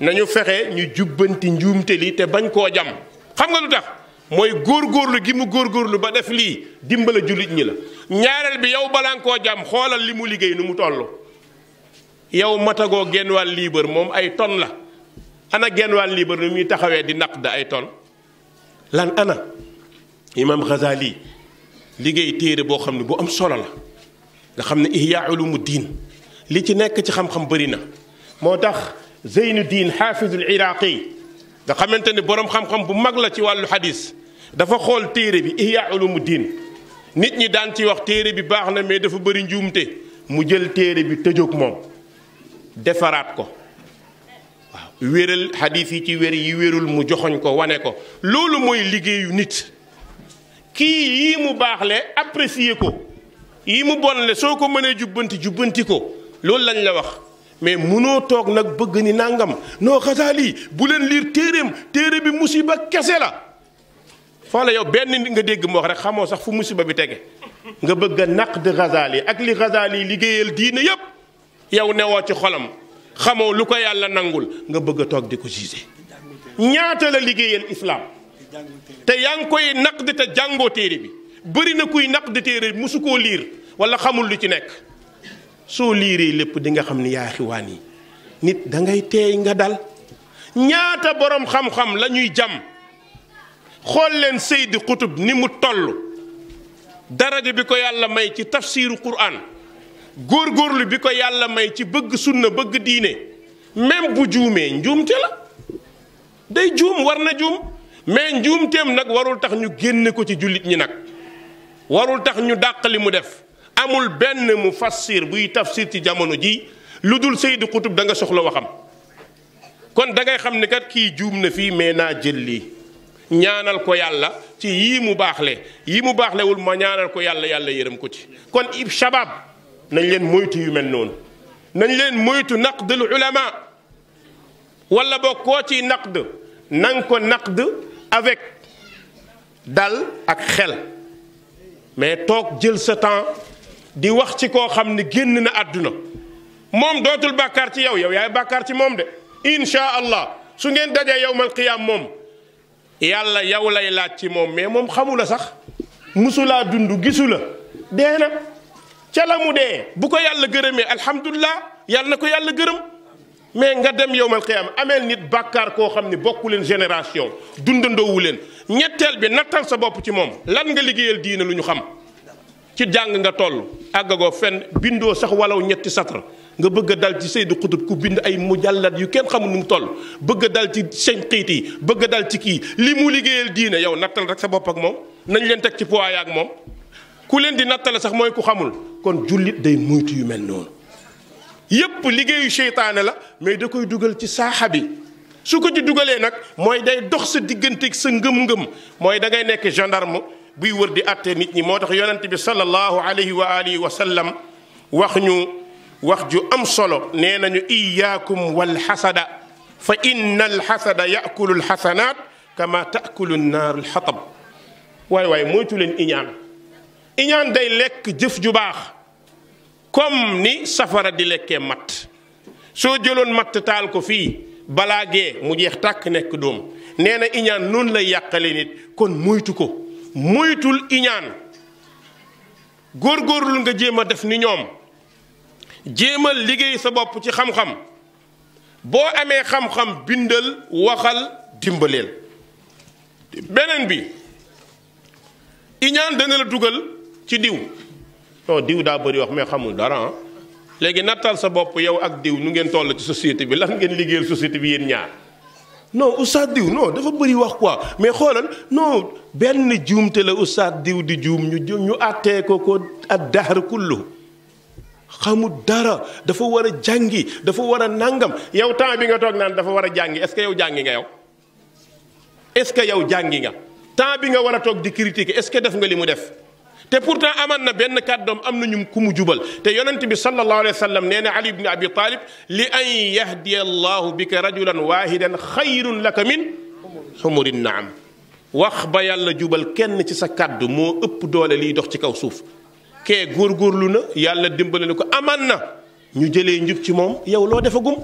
nañu fexe ñu jubbanti njuumte li te bañ koo jam xam nga lu tax mooy góor góorlu gi mu góor góorlu ba def lii dimbale jullit ñi la ñaareel bi yow balaa koo jam xoolal li mu liggéey nu mu toll yow matagoo genn wàll liibar moom ay ton la ana genn wàll liibar nu muy taxawee di naq da ay ton lan ana imam Ghazali liggéey téere boo xam ne bu am solo la nga xam ne ihya diin li ci nekk ci xam-xam bëri na moo tax Zeynuddin xaafizul iraqi nga xamante ne borom xam-xam bu mag la ci wàllu xadis dafa xool téere bi ihya diin nit ñi daan ci wax téere bi baax na mais dafa bëri njuumte mu jël téere bi tëjoog moom defaraat ko wéral xadiis yi ci wér yi wérul mu joxoñ ko wane ko loolu mooy liggéeyu nit kii yii mu baax le apprécier ko yii mu bonle soo ko mënee jubbanti jubbanti ko loolu lañ la wax mais munoo toog nag bëgg ni nàngam noo xasaali bu leen liir téeréem téere bi musiba kese la foo la yow benn nga dégg mu wax rek xamoo sax fu musiba bi tege nga bëgg a naq de xasaali ak li xasaali liggéeyal diine yépp yow newoo ci xolam xamoo lu ko yàlla nangul nga bëgg a toog di ko jugé ñaata la liggéeyal islam te yaa ngi koy naqdi te jàngoo téere bi bëri na kuy naqdi téere bi musu koo liir wala xamul lu ci nekk soo liiree lépp di nga xam ni yaa xiwaan yi nit dangay ngay teey nga dal ñaata boroom xam-xam la ñuy xool leen Seydi Qutub ni mu toll daraja bi ko yàlla may ci tafsiru Qur'an. góor góorlu bi ko yàlla may ci bëgg sunna bëgg diine même bu juumee njuumte la day juum war na juum mais njuumteem nag warul tax ñu génne ko ci jullit ñi nag warul tax ñu dàq li mu def amul benn mu fassir buy tafsir ci jamono ji lu dul Seydi Qutub da nga soxla waxam kon dangay xam ne kat kii juum na fii mais naa jël lii ñaanal ko yàlla ci yii mu baaxle yii mu baaxlewul ma ñaanal ko yàlla yàlla yërëm ko ci kon ib shabab nañ leen moytu yu mel noonu nañ leen moytu naqdul ulama wala boo koo ciy naqd na nga ko naqd avec dal ak xel mais toog jël sa temps di wax ci koo xam ne génn na àdduna moom dootul bàkkaar ci yow yow yaay bàkkaar ci moom de insha allah su ngeen dajee yowmal qiyaam moom yàlla yow lay laaj ci moom mais moom xamula sax musulaa dund gisu la dee na ca la mu dee bu ko yàlla gërëmee alhamdulilah yàlla na ko yàlla gërëm mais nga dem yowmal qiyaama ameel nit bàkkaar koo xam ni bokku leen génération dundandoowu leen ñetteel bi nattal sa bopp ci moom lan nga liggéeyal diine lu ñu xam ci jàng nga toll àggagoo fenn bindoo sax walaw ñetti satar nga bëgg a dal ci Seydu Xutub ku bind ay mujallat yu kenn xamul nu mu toll bëgg a dal ci sëñ yi bëgg a dal ci kii li mu liggéeyal diine yow nattal rek sa bopp ak moom leen teg ci poids ak moom ku leen di nattale sax mooy ku xamul kon jullit day muytu yu mel noonu yépp liggéeyu seytaane la mais da koy dugal ci saaxa bi su ko ci dugalee nag mooy day dox sa digganteeg sa ngëm-ngëm mooy da ngay nekk gendarme buy wër di àtte nit ñi moo tax yonent bi sallallahu alayhi wa alihi wa sallam wax ñu wax ju am solo nee nañu iyaakum wal xasada fa inna al xasada yakulu al xasanaat kama taakulu naaru al iñaan day lekk jëf ju baax comme ni safara di lekkee matt soo jëloon matt taal ko fii balaa gee mu jeex tàkk nekk doom neena iñaan noonu lay yàqale nit kon moytu ko muytul iñaan góor góorgóorlu nga jéem a def ni ñoom jéemal liggéey sa bopp ci xam-xam boo amee xam-xam bindal waxal dimbaleel beneen bi iñaan dana la dugal ci diw non diw daa bëri wax mais xamul dara ah. léegi nattal sa bopp yow ak diw nu ngeen toll ci société bi lan ngeen liggéeyal société bi yéen ñaar non oustaz diw noo dafa bëri wax quoi mais xoolal noo benn juumte la oustaz diw di juum ñu ñu àttee ko ko ak daara kullu xamul dara dafa war a jàngi dafa war a nàngam yow temps bi nga toog naan dafa war a jàngi est-ce que yow jàngi nga yow est-ce que yow jàngi nga temps bi nga war a toog di critiquer est-ce que def nga li mu def te pourtant amaan na benn kàddoom am nañu ñu ku mu jubal te yonent bi sallallahu alayhi wa sallam nee na ali ibn abi talib li an yahdiya allahu bika rajulan waahidan xayrun laka min xumurin am wax ba yàlla jubal kenn ci sa kàddu moo ëpp doole liy dox ci kaw suuf kee góorlu na yàlla dimbale ko amaan na ñu jëlee njub ci moom yow loo defagum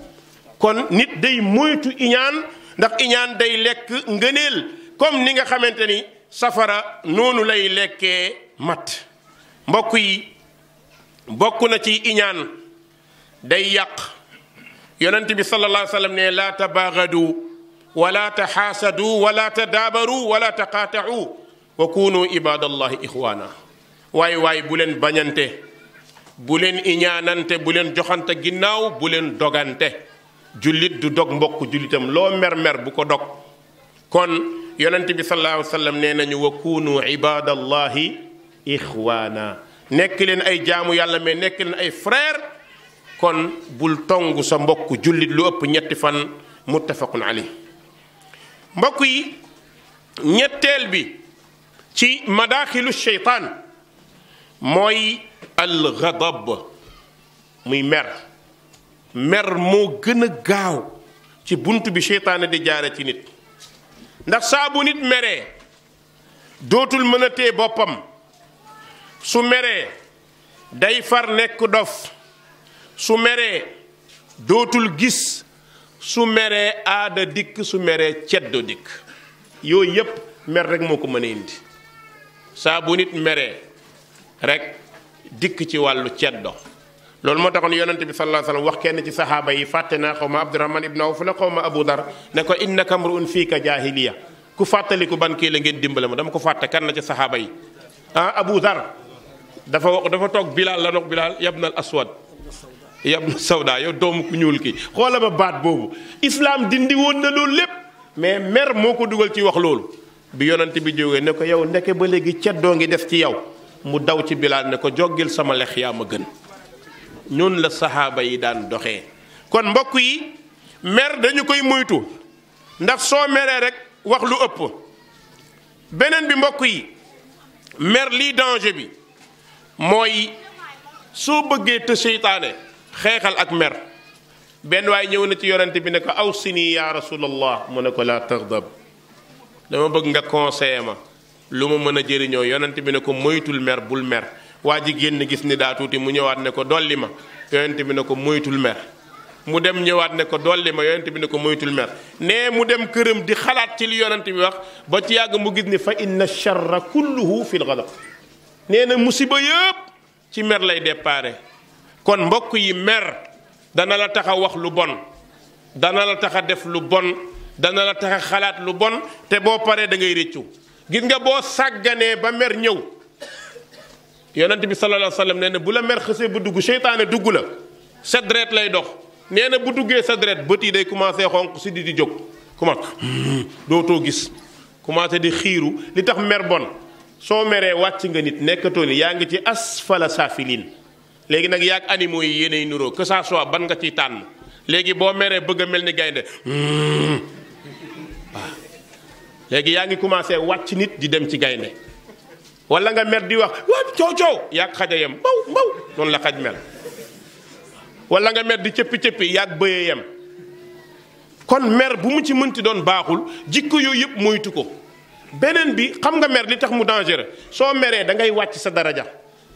kon nit day moytu iñaan ndax iñaan day lekk ngëneel comme ni nga xamante ni safara noonu lay lekkee mat mbokk yi bokk na ci iñaan day yàq yonent bi sallallahu alayhi wa sallam ne laa tabaagadu wala taxaasadu wala tadaabaru wala wa kunu ibadallahi ixwaana waay waay bu leen bañante bu leen iñaanante bu leen joxante ginnaaw bu leen dogante jullit du dog mbokk jullitam loo mer-mer bu ko dog kon yonent bi sallallahu alayhi wa nañu wa kunu ibadallahi ixwaana nekk leen ay jaamu yàlla mais nekk leen ay frère kon bul tongu sa mbokk jullit lu ëpp ñetti fan muttafaqun ali mbokk yi ñetteel bi ci madaaxilu sheytaan mooy al ghadab muy mer mer moo gën a gaaw ci bunt bi sheytaane di jaare ci nit ndax saa bu nit meree dootul mën a téye boppam su meree day far nekk dof su meree dootul gis su meree aada dikk su meree ceddo dikk yooyu yépp mer rek moo ko mën a indi saa bu nit meree rek dikk ci wàllu ceddo loolu moo taxoon yonente bi sallallahu alayhi wasallam wax kenn ci saxaaba yi fàtte naa xaw ma abdurahman ibn awf la xaw ma abu dar ne ko innaka mruun fiika jahiliya ku fàttaliku ban kii la ngeen dimbale ma dama ko fàtte kan la ci saxaaba yi ah abu dar dafa wax dafa toog bilaal la nox bilaal yabnal aswad yabna sawda yow doomu ku ñuul ki xoola ma baat boobu islaam dindi woon na loolu lépp mais mer moo ko dugal ci wax loolu bi yonante bi jógee ne ko yow ndeke ba léegi ceddoo ngi def ci yow mu daw ci bilaal ne ko joggil sama lex yaa ma gën ñun la saxaaba yi daan doxee kon mbokk yi mer dañu koy moytu ndax soo meree rek wax lu ëpp beneen bi mbokk yi mer lii danger bi mooy soo bëggee te seytaane xeexal ak mer benn waay ñëw na ci yonent bi ne ko aw si nii yaa rasulallah mu ne ko laa tardab dama bëgg nga conseillé ma lu ma mën a jëriñoo yonante bi ne ko moytul mer bul mer waa ji génn gis ni daa tuuti mu ñëwaat ne ko dolli ma yonent bi ne ko moytul mer mu dem ñëwaat ne ko dolli ma yonent bi ne ko moytul mer nee mu dem këram di xalaat ci li yonent bi wax ba ci yàgg mu gis ni fa inna charra kulluhu fi l xalaq neena musiba yëpp ci mer lay déparé kon mbokk yi mer dana la taxa wax lu bon dana la tax a def lu bon dana la tax xalaat lu bon te boo paree da ngay réccu gis nga boo sàgganee ba mer ñëw yonent bi sallallahu alayhi wa sallam nee na bu la mer xësee bu dugg seytaane dugg la sa deret lay dox nee na bu duggee sa deret bët yi day commencé xonq si di di jóg commencé hmm, dootoo gis commencé di xiiru li tax mer bon soo meree wàcc nga nit nekkatoo ni yaa ngi ci asfala saafiliin léegi nag yaag animaux yi yéenay niroo que ça ban nga ciy tànn léegi boo meree bëgg a mel ni gaynde waaw hmm. ah. léegi yaa ngi commencé wàcc nit di dem ci gaynde walla nga mer di wax waaw coow coow yaag xaja yem mbaw mbaw noonu la xaj mel wala nga mer di cëpp cëppi yaag bëyee yem kon mer bu mu ci mënti doon baaxul jikko yooyu yëpp moytu ko. beneen bi xam nga mer li tax mu dangereux soo meree da ngay wàcc sa daraja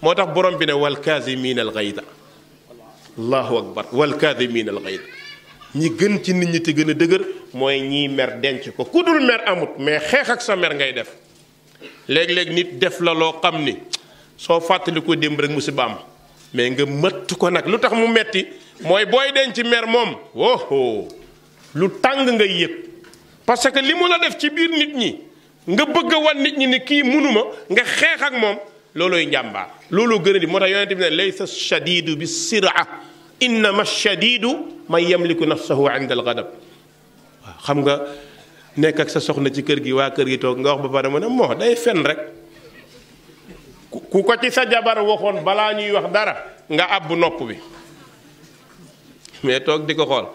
moo tax borom bi ne wal kaazimiina al ghayda allahu akbar wal kaazimiina al ghayda ñi gën ci nit ñi te gën a dëgër mooy ñii mer denc ko ku dul mer amut mais xeex ak sa mer ngay def léeg-léeg nit def la loo xam ni soo fàttali ko démb rek mu musiba am mais nga mëtt ko nag lu tax mu metti mooy booy denc mer moom woho lu tàng ngay yëg parce que li mu la def ci biir nit ñi nga bëgg a wan nit ñi ni kii munuma nga xeex ak moom loolooy njàmbaar looloo gën a di moo tax yonente bi ne laysa shadidu bi sira innama shadidu man yamliku nafsahu inda al gadab waaw xam nga nekk sa soxna ci kër gi waa kër gi toog nga wax ba pare mu ne moo day fen rek ku ko ci sa jabar waxoon balaa ñuy wax dara nga àbb nopp bi mais toog di ko xool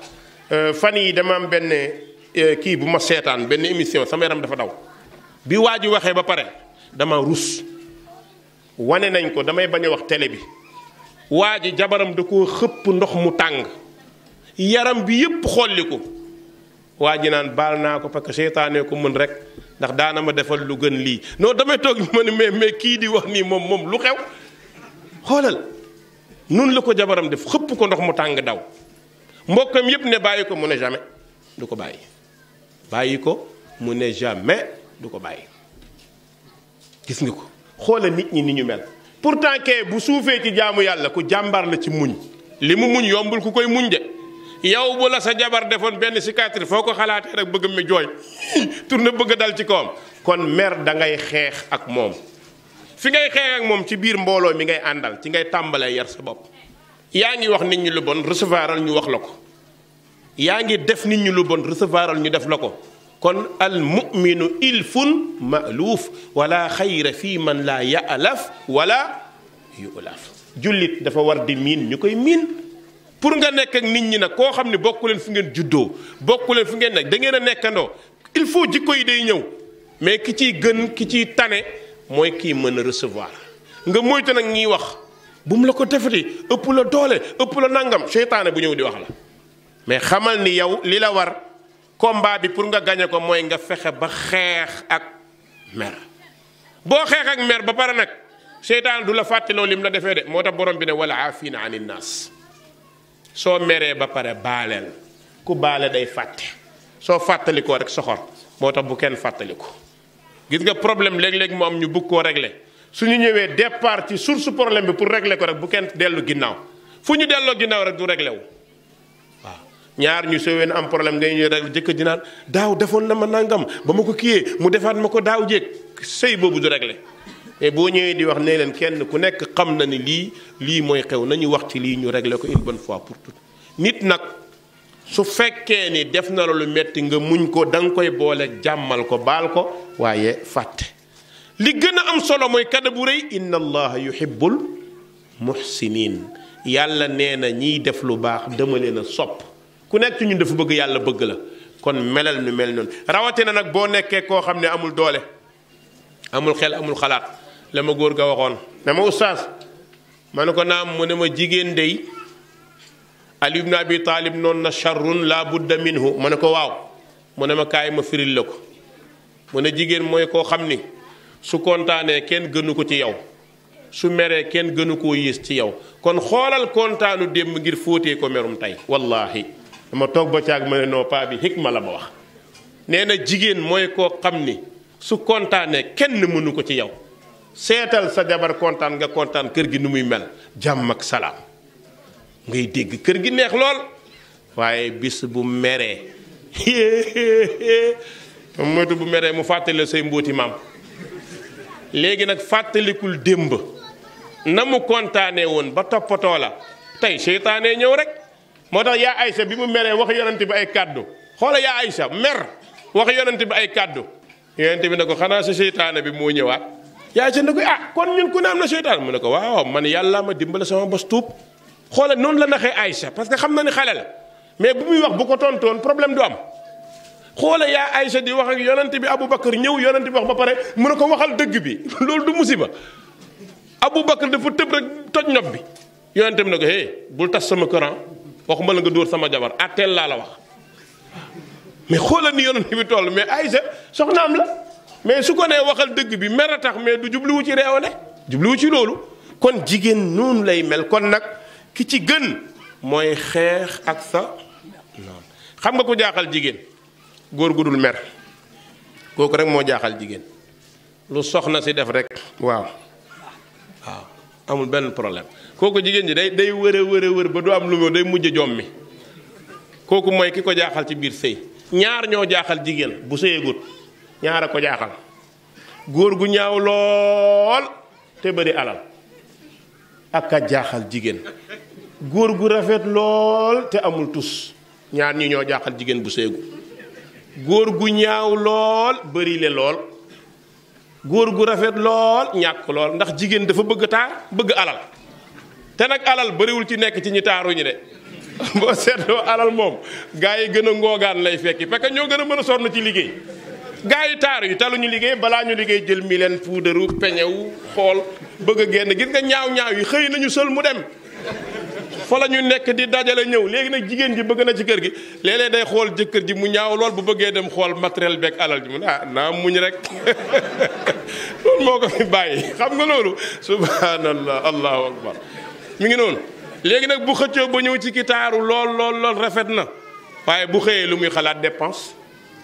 euh, fan yi dama am benn euh, kii bu ma seetaan benn émission sama yaram dafa daw bi waa ji waxee ba pare dama rus wane nañ ko damay bañ a wax télé bi waa ji jabaram da koo xëpp ndox mu tàng yaram bi yépp xolli ko waa ji naan baal naa ko parce que seytaane ko mën rek ndax daana ma defal lu gën lii non damay toog ma ne mais mais kii di wax nii moom moom lu xew xoolal nun la ko jabaram def xëpp ko ndox mu tàng daw mbokkam yépp ne bàyyi ko mu ne jamais du ko bàyyi bàyyi ko mu ne jamais du ko bàyyi gis nga ko xoola nit ñi ni ñu mel pourtant kee bu suufee ci jaamu yàlla ku jàmbar la ci muñ li mu muñ yombul ku koy muñ de yow bu la sa jabar defoon benn cicatrice foo ko xalaatee rek bëgg mi jooy tourne bëgg dal ci kawam kon mer da ngay xeex ak moom fi ngay xeex ak moom ci biir mbooloo mi ngay àndal ci ngay tàmbalee yar sa bopp yaa ngi wax nit ñi lu bon recevoiral ñu wax la ko yaa ngi def nit ñi lu bon recevoiral ñu def la ko kon almuminu ilfun maluuf wala xayra fii man laa yaalaf wala yulaf jullit dafa war di miin ñu koy miin pour nga nekk ak nit ñi nag koo xam ne bokku leen fu ngeen juddoo bokku fu ngeen nekk da ngeen a nekkandoo il faut jikko yi day ñëw mais ki ciy gën ki ciy tane mooy kii mën a recevoir nga moytu nag ñiy wax bu mu la ko defati ëpp la doole ëpp la nangam seytaane bu ñëw di wax la mais xamal ni yow li la war combat bi pour nga gañe ko mooy nga fexe ba xeex ak mer boo xeex ak mer ba pare nag seytaan du la fàttaloo mu la defee de moo tax boroom bi ne wala aafina ne naas soo meree ba pare baaleel ku baale day fàtte soo fàttali fàttalikoo rek soxor moo tax bu kenn fàttali ko gis nga problème léeg-léeg mu am ñu bëgg koo régler su ñu ñëwee départ ci source problème bi pour régler ko rek bu kenn dellu ginnaaw fu ñu delloo ginnaaw rek du régler wu. ñaar ñu soween am problème ngay ñëw rek jëkkër ji naan daaw defoon na ma nangam ba ma ko kiyee mu defaat ma ko daaw jéeg sëy boobu du réglé te boo ñëwee di wax ne leen kenn ku nekk xam na ni lii lii mooy xew nañu wax ci lii ñu réglé ko une bonne fois pour tout nit nag su fekkee ni def na la lu metti nga muñ ko da koy boole jàmmal ko baal ko waaye fàtte li gën a am solo mooy kadda bu rëy inna allaha yuhibbul muhsinin yàlla nee na ñiy def lu baax dama leen a sopp ku nekk ci ñun dafa bëgg yàlla bëgg la kon melal nu mel noonu rawatina nag boo nekkee koo xam ne amul doole amul xel amul xalaat la ma góor ga waxoon. ne ma ma ne ko naam mu ne ma jigéen dey Ali ibn Abi noon na charrun laa budda minhu ma ne ko waaw mu ne ma kaay ma firil la ko mu ne jigéen mooy koo xam ni su kontaanee kenn gënu ko ci yow. su meree kenn gënu koo yées ci yow kon xoolal kontaanu démb ngir fóotee ko merum tey wallaahi dama toog ba caag ma ne noo paa bi xikma la ma wax nee na jigéen mooy koo xam ni su kontaanee kenn mënu ko ci yow seetal sa jabar kontaan nga kontaan kër gi nu muy mel jàmm ak salaam ngay dégg kër gi neex lool waaye bis bu meree moytu bu meree mu fàttali say mbóoti maam léegi nag fàttalikul démb na mu kontaanee woon ba toppatoo la tey seytaanee ñëw rek moo tax yaa Aysa bi mu meree wax yonente bi ay kàddu xoola yaa Aysa mer wax yonente bi ay kàddu yonente bi ne ko xanaa sa seytaane bi moo ñëwaat yaa Aysa ne ko ah kon ñun ku ne am na seytaane mu ne ko waaw man yàlla ma dimbale sama bos tuub xoola noonu la naxee Aysa parce que xam na ni xale la mais bu muy wax bu ko tontoon problème du am xoola yaa Aysa di wax ak yonente bi Aboubacar ñëw yonente bi wax ba pare mu ne ko waxal dëgg bi loolu du musiba Aboubacar dafa tëb rek toj nopp bi yonente bi ne ko tas sama Coran waxuma la nga dóor sama jabar atteel ah, laa la wax mais xoolal ni yonent bi toll mais ay Aïcha soxnaam la mais su ko nee waxal dëgg bi mer a tax mais du jubluwu ci réewane jubluwu ci loolu kon jigéen noonu lay mel kon nag ki ci gën mooy xeex ak sa xam nga ko jaaxal jigéen góor gu mer kooku rek moo jaaxal jigéen lu soxna si def rek waaw waaw amul benn problème kooku jigéen ji day day wër wëre wër ba du am lu mu day mujj joom mi kooku mooy ki ko jaaxal ci biir sëy ñaar ñoo jaaxal jigéen bu sëyeegut ñaar ko jaaxal góor gu ñaaw lool te bëri alal ak jaaxal jigéen góor gu rafet lool te amul tus ñaar ñi ñoo jaaxal jigéen bu sëyeegut góor gu ñaaw lool bëri le lool góor gu rafet lool ñàkk lool ndax jigéen dafa bëgg taar bëgg alal te nag alal bëriwul ci nekk ci ñi taaruñu de boo seetloo alal moom gaa yi gën a ngoogaan lay fekki parce que ñoo gën a mën a sonn ci liggéey gaa yi taar yi taluñu liggéey balaa ñu liggéey jël mi leen puudaru peñewu xool bëgg a génn gis nga ñaaw ñaaw yi xëy nañu sël mu dem fa la ñu nekk di dajale ñëw léegi nag jigéen ji bëgg na ci kër gi léeg day xool jëkkër ji mu ñaaw lool bu bëggee dem xool matériel beeg alal ji mu ne ah naa muñ rek loolu moo ko fi bàyyi xam nga loolu subhanallah allahu akbar mi ngi noonu léegi nag bu xëccoo ba ñëw ci gitaaru lool lool lool rafet na waaye bu xëyee lu muy xalaat dépense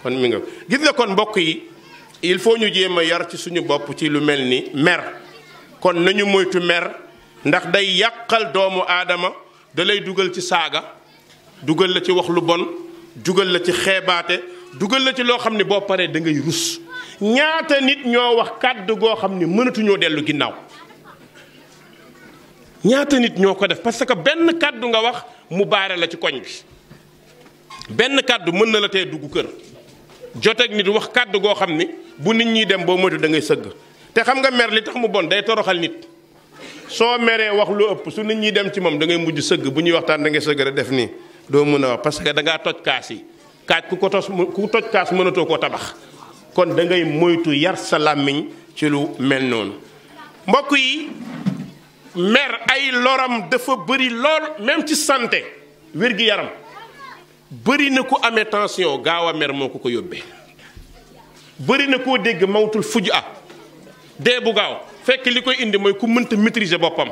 kon mi nga gis nga kon mbokk yi il faut ñu jéem a yar ci suñu bopp ci lu mel ni mer kon nañu moytu mer ndax day yàqal doomu aadama da lay dugal ci saaga dugal la ci wax lu bon dugal la ci xeebaate dugal la ci loo xam ne boo paree dangay ngay rus ñaata nit ñoo wax kàdd goo xam ni mënatuñoo dellu ginnaaw ñaata nit ñoo ko def parce que benn kàddu nga wax mu baare la ci koñ bi benn kàddu mën na la tee dugg kër joteeg nit wax kàdd goo xam ni bu nit ñiy dem boo moytu da ngay sëgg te xam nga mer li tax mu bon day toroxal nit soo meree wax lu ëpp su nit ñi dem ci moom da ngay mujj sëgg bu ñuy waxtaan da ngay sëgg rek def nii doo mën a wax parce que da toj kaas yi kaaj ku ko tos ku toj kaas mënatoo koo tabax kon da ngay moytu yar sa làmmiñ ci lu mel noonu mbokk yi mer ay loram dafa bëri lool même ci santé wér gi yaram bëri na ku amee tension gaaw a mer moo ko ko yóbbee bëri na koo dégg mawtul fuj a dee bu gaaw fekk li koy indi mooy ku mënta maîtriser boppam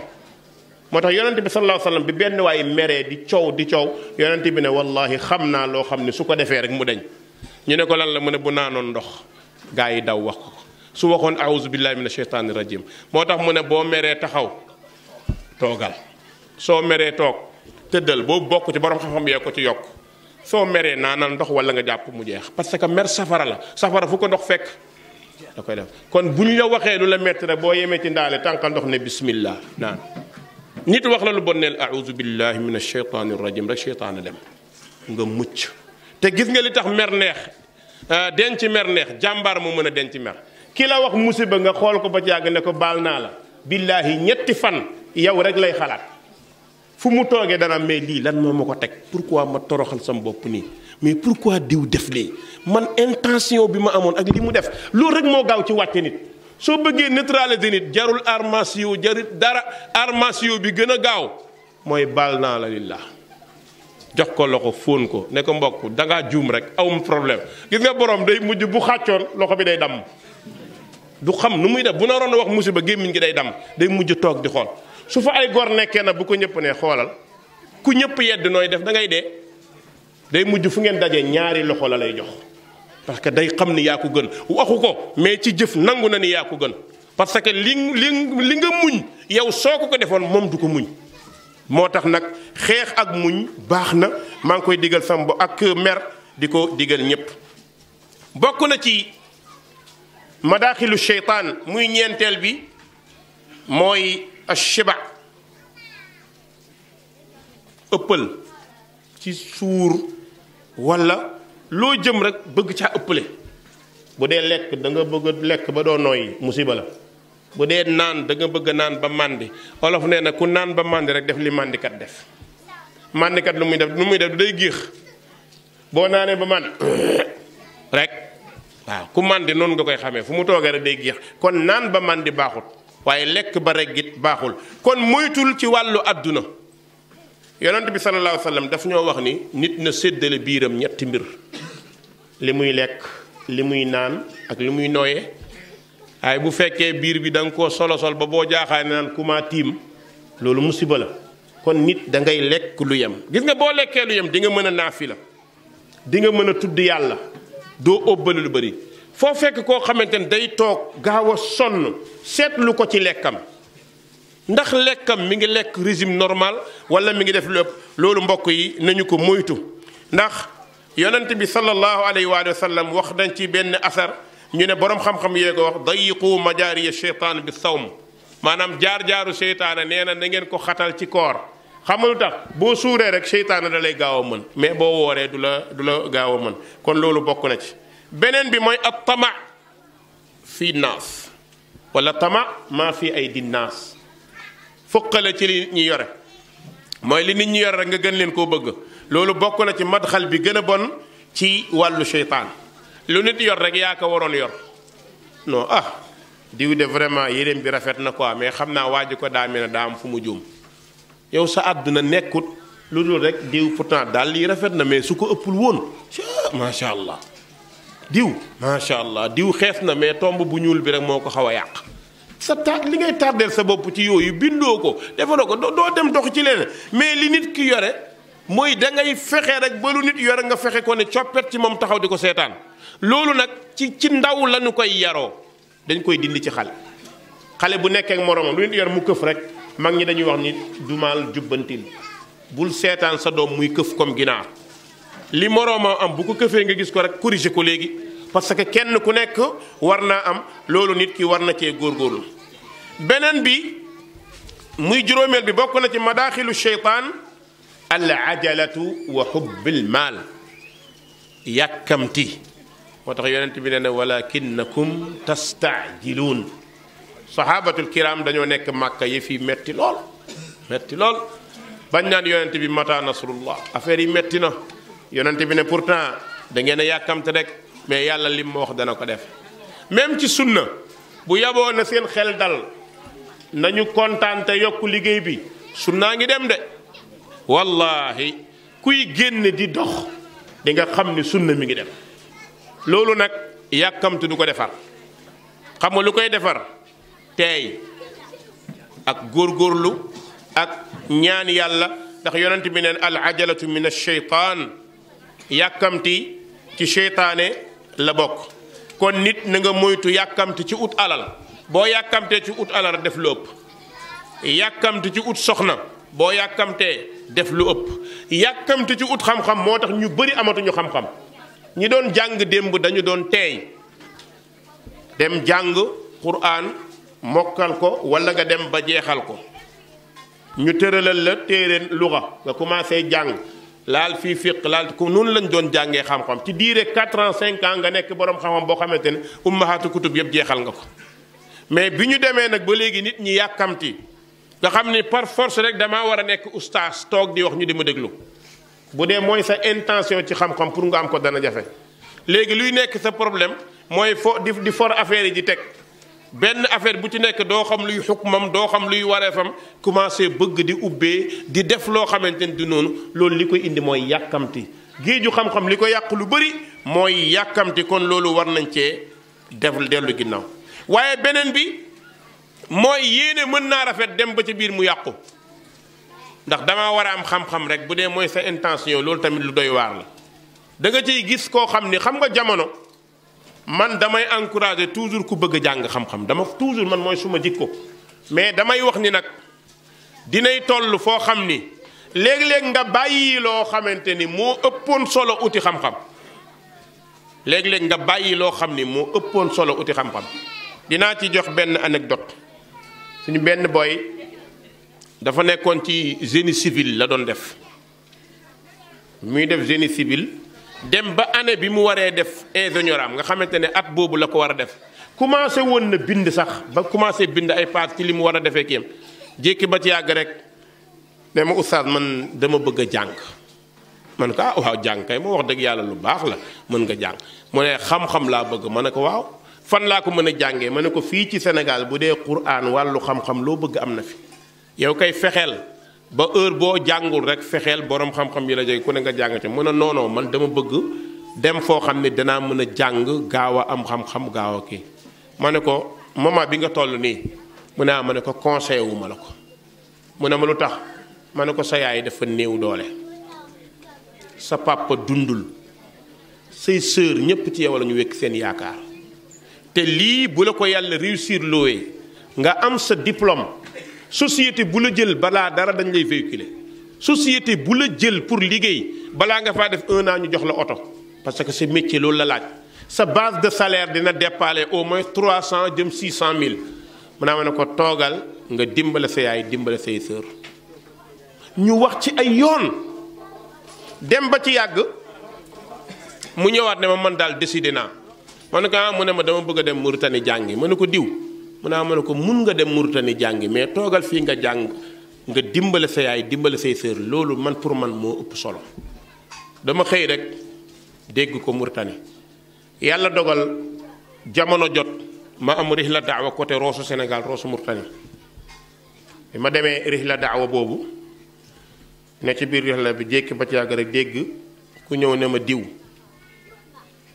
moo tax yonente bi sallallahu alayhi bi benn waaye meree di coow di coow yonente bi ne wallahi xam naa loo xam ne su ko defee rek mu deñ ñu ne ko lan la mu ne bu naanoon ndox gaa yi daw wax ko su waxoon aouzu billahi mina sheytaani rajim moo tax mu ne boo meree taxaw toogal soo meree toog tëddal boobu bokk ci borom xam-xam yee ko ci yokk soo meree naanal ndox wala nga jàpp mu jeex parce que mer safara la safara fu ko ndox fekk da koy def kon bu ñu la waxee lu la metti rek boo yemee ci ndaale tànkal ndox ne bismillah naan nit wax la lu bon neel auzu billahi min asheytaani rajim rek cheytaana dem nga mucc te gis nga li tax mer neex ah, denc mer neex jàmbaar mu mën a denc mer ki la wax musiba nga xool ko ba jàgg ne ko baal naa la billaahi ñetti fan yow rek lay xalaat fu mu toogee dana mais lii lan moo ma ko teg pour pourquoi ma toroxal sama bopp nii mais pourquoi diw def lii man intention bi ma amoon ak li mu def loolu rek moo gaaw ci wàcce nit soo bëggee neutraliser nit jarul armation jarul dara armation bi gën a gaaw mooy baal naa la lillah jox ko loxo fóon ko ne ko mbokk dangaa juum rek awum problème gis nga borom day mujj bu xàccoon loxo bi day damm du xam nu muy def bu naroon wax musiba gémmiñ gi day damm day mujj toog di xool su fa ay góor nekkee na bu ko ñëpp ne xoolal ku ñëpp yedd nooy def da ngay dee day mujj fu ngeen dajee ñaari loxo la lay jox parce que day xam ni yaa ko gën waxu ko mais ci jëf nangu na ni yaa ko gën parce que li li li nga muñ yow soo ko ko defoon moom du ko muñ moo tax nag xeex ak muñ baax na maa ngi koy digal sam bo ak mer di ko digal ñëpp bokk na ci madaaxilu seytaan muy ñeenteel bi mooy ashiba ëppal ci suur walla loo jëm rek bëgg ca ëppale bu dee lekk da nga bëgg lekk ba doo nooy musiba la bu dee naan danga bëgg naan ba màndi olof nee na ku naan ba màndi rek def li màndikat def màndikat lu muy def lu muy def du day géex boo naanee ba mànd rekk waaw ku màndi noonu nga koy xamee fu mu toogee rek day géex kon naan ba màndi baaxut waaye lekk ba rek baaxul kon moytul ci wàllu àdduna yonent bi sallallahu alayhi wa ñoo wax ni nit na séddale biiram ñetti mbir li muy lekk li muy naan ak li muy nooye waaye bu fekkee biir bi danga ko koo solo sol ba boo jaaxaay naan kuma tiim loolu mu musiba la kon nit dangay lekk lu yem gis nga boo lekkee lu yem di nga mën a naafi la dinga mën a tudd yàlla doo óbbale lu bari foo fekk koo xamante ne day toog gaaw a sonn seetlu ko ci lekkam ndax lekkam mi ngi lekk régime normal wala mi ngi def lépp loolu mbokk yi nañu ko moytu ndax yonent bi sallallahu alayhi wa sallam wax nañ ci benn asar ñu ne borom xam yee ko wax dayiqu majaariya cheytaan bi sawm maanaam jaar-jaaru cheytaana nee na na ngeen ko xatal ci koor xamalu tax boo suuree rek cheytaana da lay gaaw a mën mais boo wooree du la du la gaaw a mën kon loolu bokk na ci beneen bi mooy at tama fii naas wala tama maa fii ay di naas fuqale ci li ñu yore mooy li nit ñu yore rek nga gën leen koo bëgg loolu bokk na ci madxal bi gën a bon ci wàllu seytaan lu nit yor rek yaa ko waroon yor non ah diw de vraiment yéreem bi rafet na quoi mais xam naa waaju ko daa mel ne daa am fu mu juum yow sa àdduna nekkut lu dul rek diw pourtant daal yi rafet na mais su ko ëppul woon macha allah. diw macha allah diw xees na mais tomb bu ñuul bi rek moo ko xaw a yàq sa taat li ngay tardeel sa bopp ci yooyu bindoo ko defaloo ko doo dem dox ci leneen mais li nit ki yore mooy da ngay fexe rek ba lu nit yore nga fexe ko ne coppet ci moom taxaw di ko seetaan loolu nag ci ci ndaw la ñu koy yaroo dañ koy dindi ci xale xale bu nekkeek ak moromam lu nit yore mu këf rek mag ñi dañuy wax ni dumaal jubbantil bul seetaan sa doom muy këf comme ginaar li moroomam am bu ko këfee nga gis ko rek corriger ko léegi parce que kenn ku nekk war naa am loolu nit ki war na cee góorgóorlu beneen bi muy juróomeel bi bokk na ci madaaxilu sheytaan al ajalatu wa xubbil maal yàkkamti moo tax yonent bi nee na walakinakum tastaajiluun sahabatul kiram dañoo nekk màkka yi fii metti lool metti lool bañ naan yonent bi mata nasrullah affaire yi metti na yonent bi ne pourtant da ngeen a yàkkamte rek mais yàlla lim ma wax dana ko def même ci sunna bu yaboo a seen xel dal nañu kontaan te yokk liggéey bi sunnaa ngi dem de wallaahi kuy génn di dox di nga xam ni sunna mi ngi dem loolu nag yàkkamte du ko defar xam nga lu koy defar teey ak góor góorlu ak ñaan yàlla ndax yonent bi neen al ajalatu min ash-shaytaan yàkkamti ci seytaane la bokk kon nit na nga moytu yàkkamti ci ut alal boo yàkkamtee ci ut alal def lu ëpp yàkkamti ci ut soxna boo yàkkamtee def lu ëpp yàkkamti ci ut xam-xam moo tax ñu bëri amatuñu xam-xam ñi doon jàng démb dañu doon teey dem jàng quraan mokkal ko wala nga dem ba jeexal ko ñu tëralal la téere luxa nga commencé jàng laal fii fiq laal ku noonu lañ doon jàngee xam-xam ci diire 4 ans 5 ans nga nekk borom xam-xam boo xamante ne ummahaatu kutub yëpp jeexal nga ko mais bi ñu demee nag ba léegi nit ñi yàkkamti nga xam ni par force rek damaa war a nekk ustaas toog di wax ñu di ma déglu bu dee mooy sa intention ci xam-xam pour nga am ko dana jafe léegi luy nekk sa problème mooy fo di di for affaire yi di teg. benn affaire bu ci nekk doo xam luy xukmam doo xam luy wareefam commencé bëgg di ubbee di def loo xamante ni du noonu loolu li ko indi mooy yàkkamti géeju xam-xam li ko yàq lu bari mooy yàkkamti kon loolu war nañ cee def dellu ginnaaw waaye beneen bi mooy yéene mën naa rafet dem ba ci biir mu yàqu ndax damaa war a am xam-xam rek bu dee mooy sa intention loolu tamit lu doy waar la da nga ciy gis koo xam ni xam nga jamono. man damay encourager toujours ku bëgg jàng xam-xam dama toujours man mooy suma jikko mais damay wax ni nag dinay toll foo xam ni léeg-léeg nga bàyyi loo xamante ni moo ëppoon solo uti xam-xam léeg-léeg nga bàyyi loo xam ni moo ëppoon solo uti xam dinaa ci jox benn anecdote suñu benn boy dafa nekkoon ci génie civil la doon def muy def génie civil dem ba année bi mu waree def ingénieur am nga xamante ne at boobu la ko war a def commencé woon na bind sax ba commencé bind ay paas ci li mu war a defee kéem jékki ba ci yàgg rek ne ma oustaz man dama bëgg a jàng man ko ah waaw jàng kay moo wax dëgg yàlla lu baax la mën nga jàng mu ne xam-xam laa bëgg ma ne ko waaw fan laa ko mën a jàngee ma ne ko fii ci Sénégal bu dee Qur'an wàllu xam-xam loo bëgg am na fi yow kay fexeel. ba heure boo jàngul rek fexeel borom xam-xam yi la jege ku ne nga jàng ca mën a noonoo man dama bëgg dem foo xam ne danaa mën a jàng gaaw a am xam-xam gaaw a ma ne ko moment bi nga toll nii mu naa ah, ma ne ko conseil wu ma la ko mun ne ma lu tax ma ne ko sa yaay dafa néew doole sa papa dundul say sœur ñëpp ci yow la ñu wekk seen yaakaar te lii bu la ko yàlla réussir looyee nga am sa diplôme. société bu la jël balaa dara dañ lay véhiculer société bu la jël pour liggéey balaa nga faa def un an ñu jox la oto parce que sa métier loolu la laaj sa base de salaire dina dépaale au moins trois cent jëm six cent mille mu naa ma ne ko toogal nga dimbale sa yaay dimbale say sœur ñu wax ci ay yoon dem ba ci yàgg mu ñëwaat ne ma man daal décidé naa ma ne ko ah mu ne ma dama bëgg a dem Mauritanie jàngi ma ne ko diw mu ah, ma ne ko mun nga dem murtani jàngi mais toogal fii nga jàng nga dimbale sa yaay dimbale say sœur loolu man pour man moo ëpp solo dama xëy rek dégg ko murtani yàlla dogal jamono jot ma am rihla daawa côté Rosso senegal Rosso Mauritanie bi ma demee rihla daawa boobu ne ci biir la bi jékki ba ci yàgg rek dégg ku ñëw ne ma diw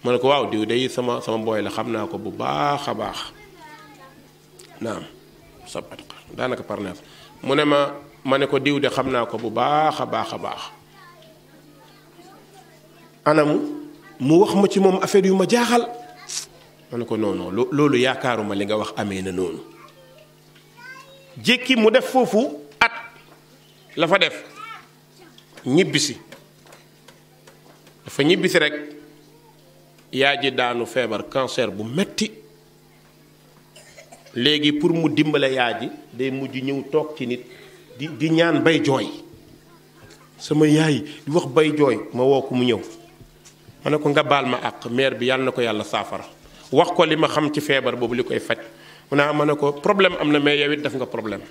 ma ne ko waaw diw day sama sama booy la xam naa ko bu baax a baax naam sabat daanaka par mu ne ma ma ne ko diw de xam naa ko bu baax a baax a baax anamu mu wax ma ci moom affaire yu ma jaaxal ma ne ko non loolu yaakaaruma li nga wax amee na noonu jékki mu def foofu at la fa def ñibbisi dafa ñibbisi rek yaa ji daanu feebar cancer bu metti léegi pour mu dimbale yaay ji day mujj ñëw toog ci nit di di ñaan bay jooy sama yaay di wax bay jooy ma woo ko mu ñëw ma ne ko nga baal ma àq maire bi yàlla na ko yàlla saafara wax ko li ma xam ci feebar boobu li koy faj mu naa ah, ma ne ko problème am na mais yow it def nga problème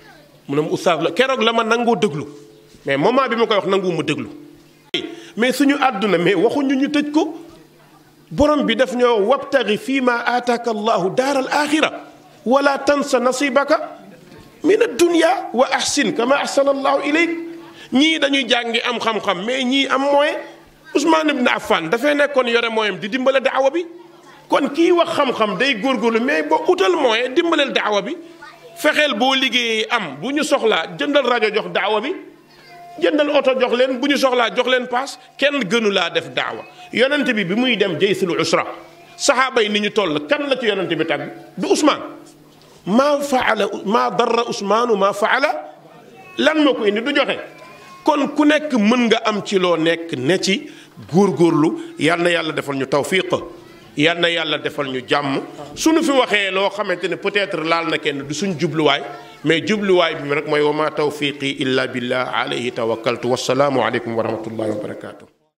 mu ne ma oustaz la keroog la ma nangoo déglu mais moom moment bi ma koy wax nangu mu déglu. mais suñu àdduna mais waxuñu ñu tëj ko borom bi daf ñoo wabtaghi fii ma aataaka allahu daaral axira wala tansa nasibaka min ad-dunya wa ahsin kama ahsana allahu ilayk ñii dañuy jàngi am xam-xam mais ñii am moyen Ousmane Ibn Affan dafay nekkoon yore moyen di dimbale daawa bi kon kii wax xam-xam day góorgóorlu mais boo utal moyen dimbaleel daawa bi fexeel boo liggéeyee am bu ñu soxlaa jëndal rajo jox daawa bi jëndal oto jox leen bu ñu soxlaa jox leen paas kenn gënu laa def daawa yonent bi bi muy dem jaysul usra saxaaba yi ni ñu toll kan la ci yonent bi tàgg du Ousmane maa faala maa darra Ousmane maa faala lan ma ko ni du joxe kon ku nekk mën nga am ci loo nekk ne ci góor góorgóorlu yal na yàlla defal ñu tawfiq yal na yàlla defal ñu jàmm su nu fi waxee loo xamante ne peut-être laal na kenn du suñ jubluwaay mais jubluwaay bi rek mooy wa ma tawfiqi illa billah alayhi tawakkaltu wassalaamu aleykum wa rahmatullahi wa barakatuh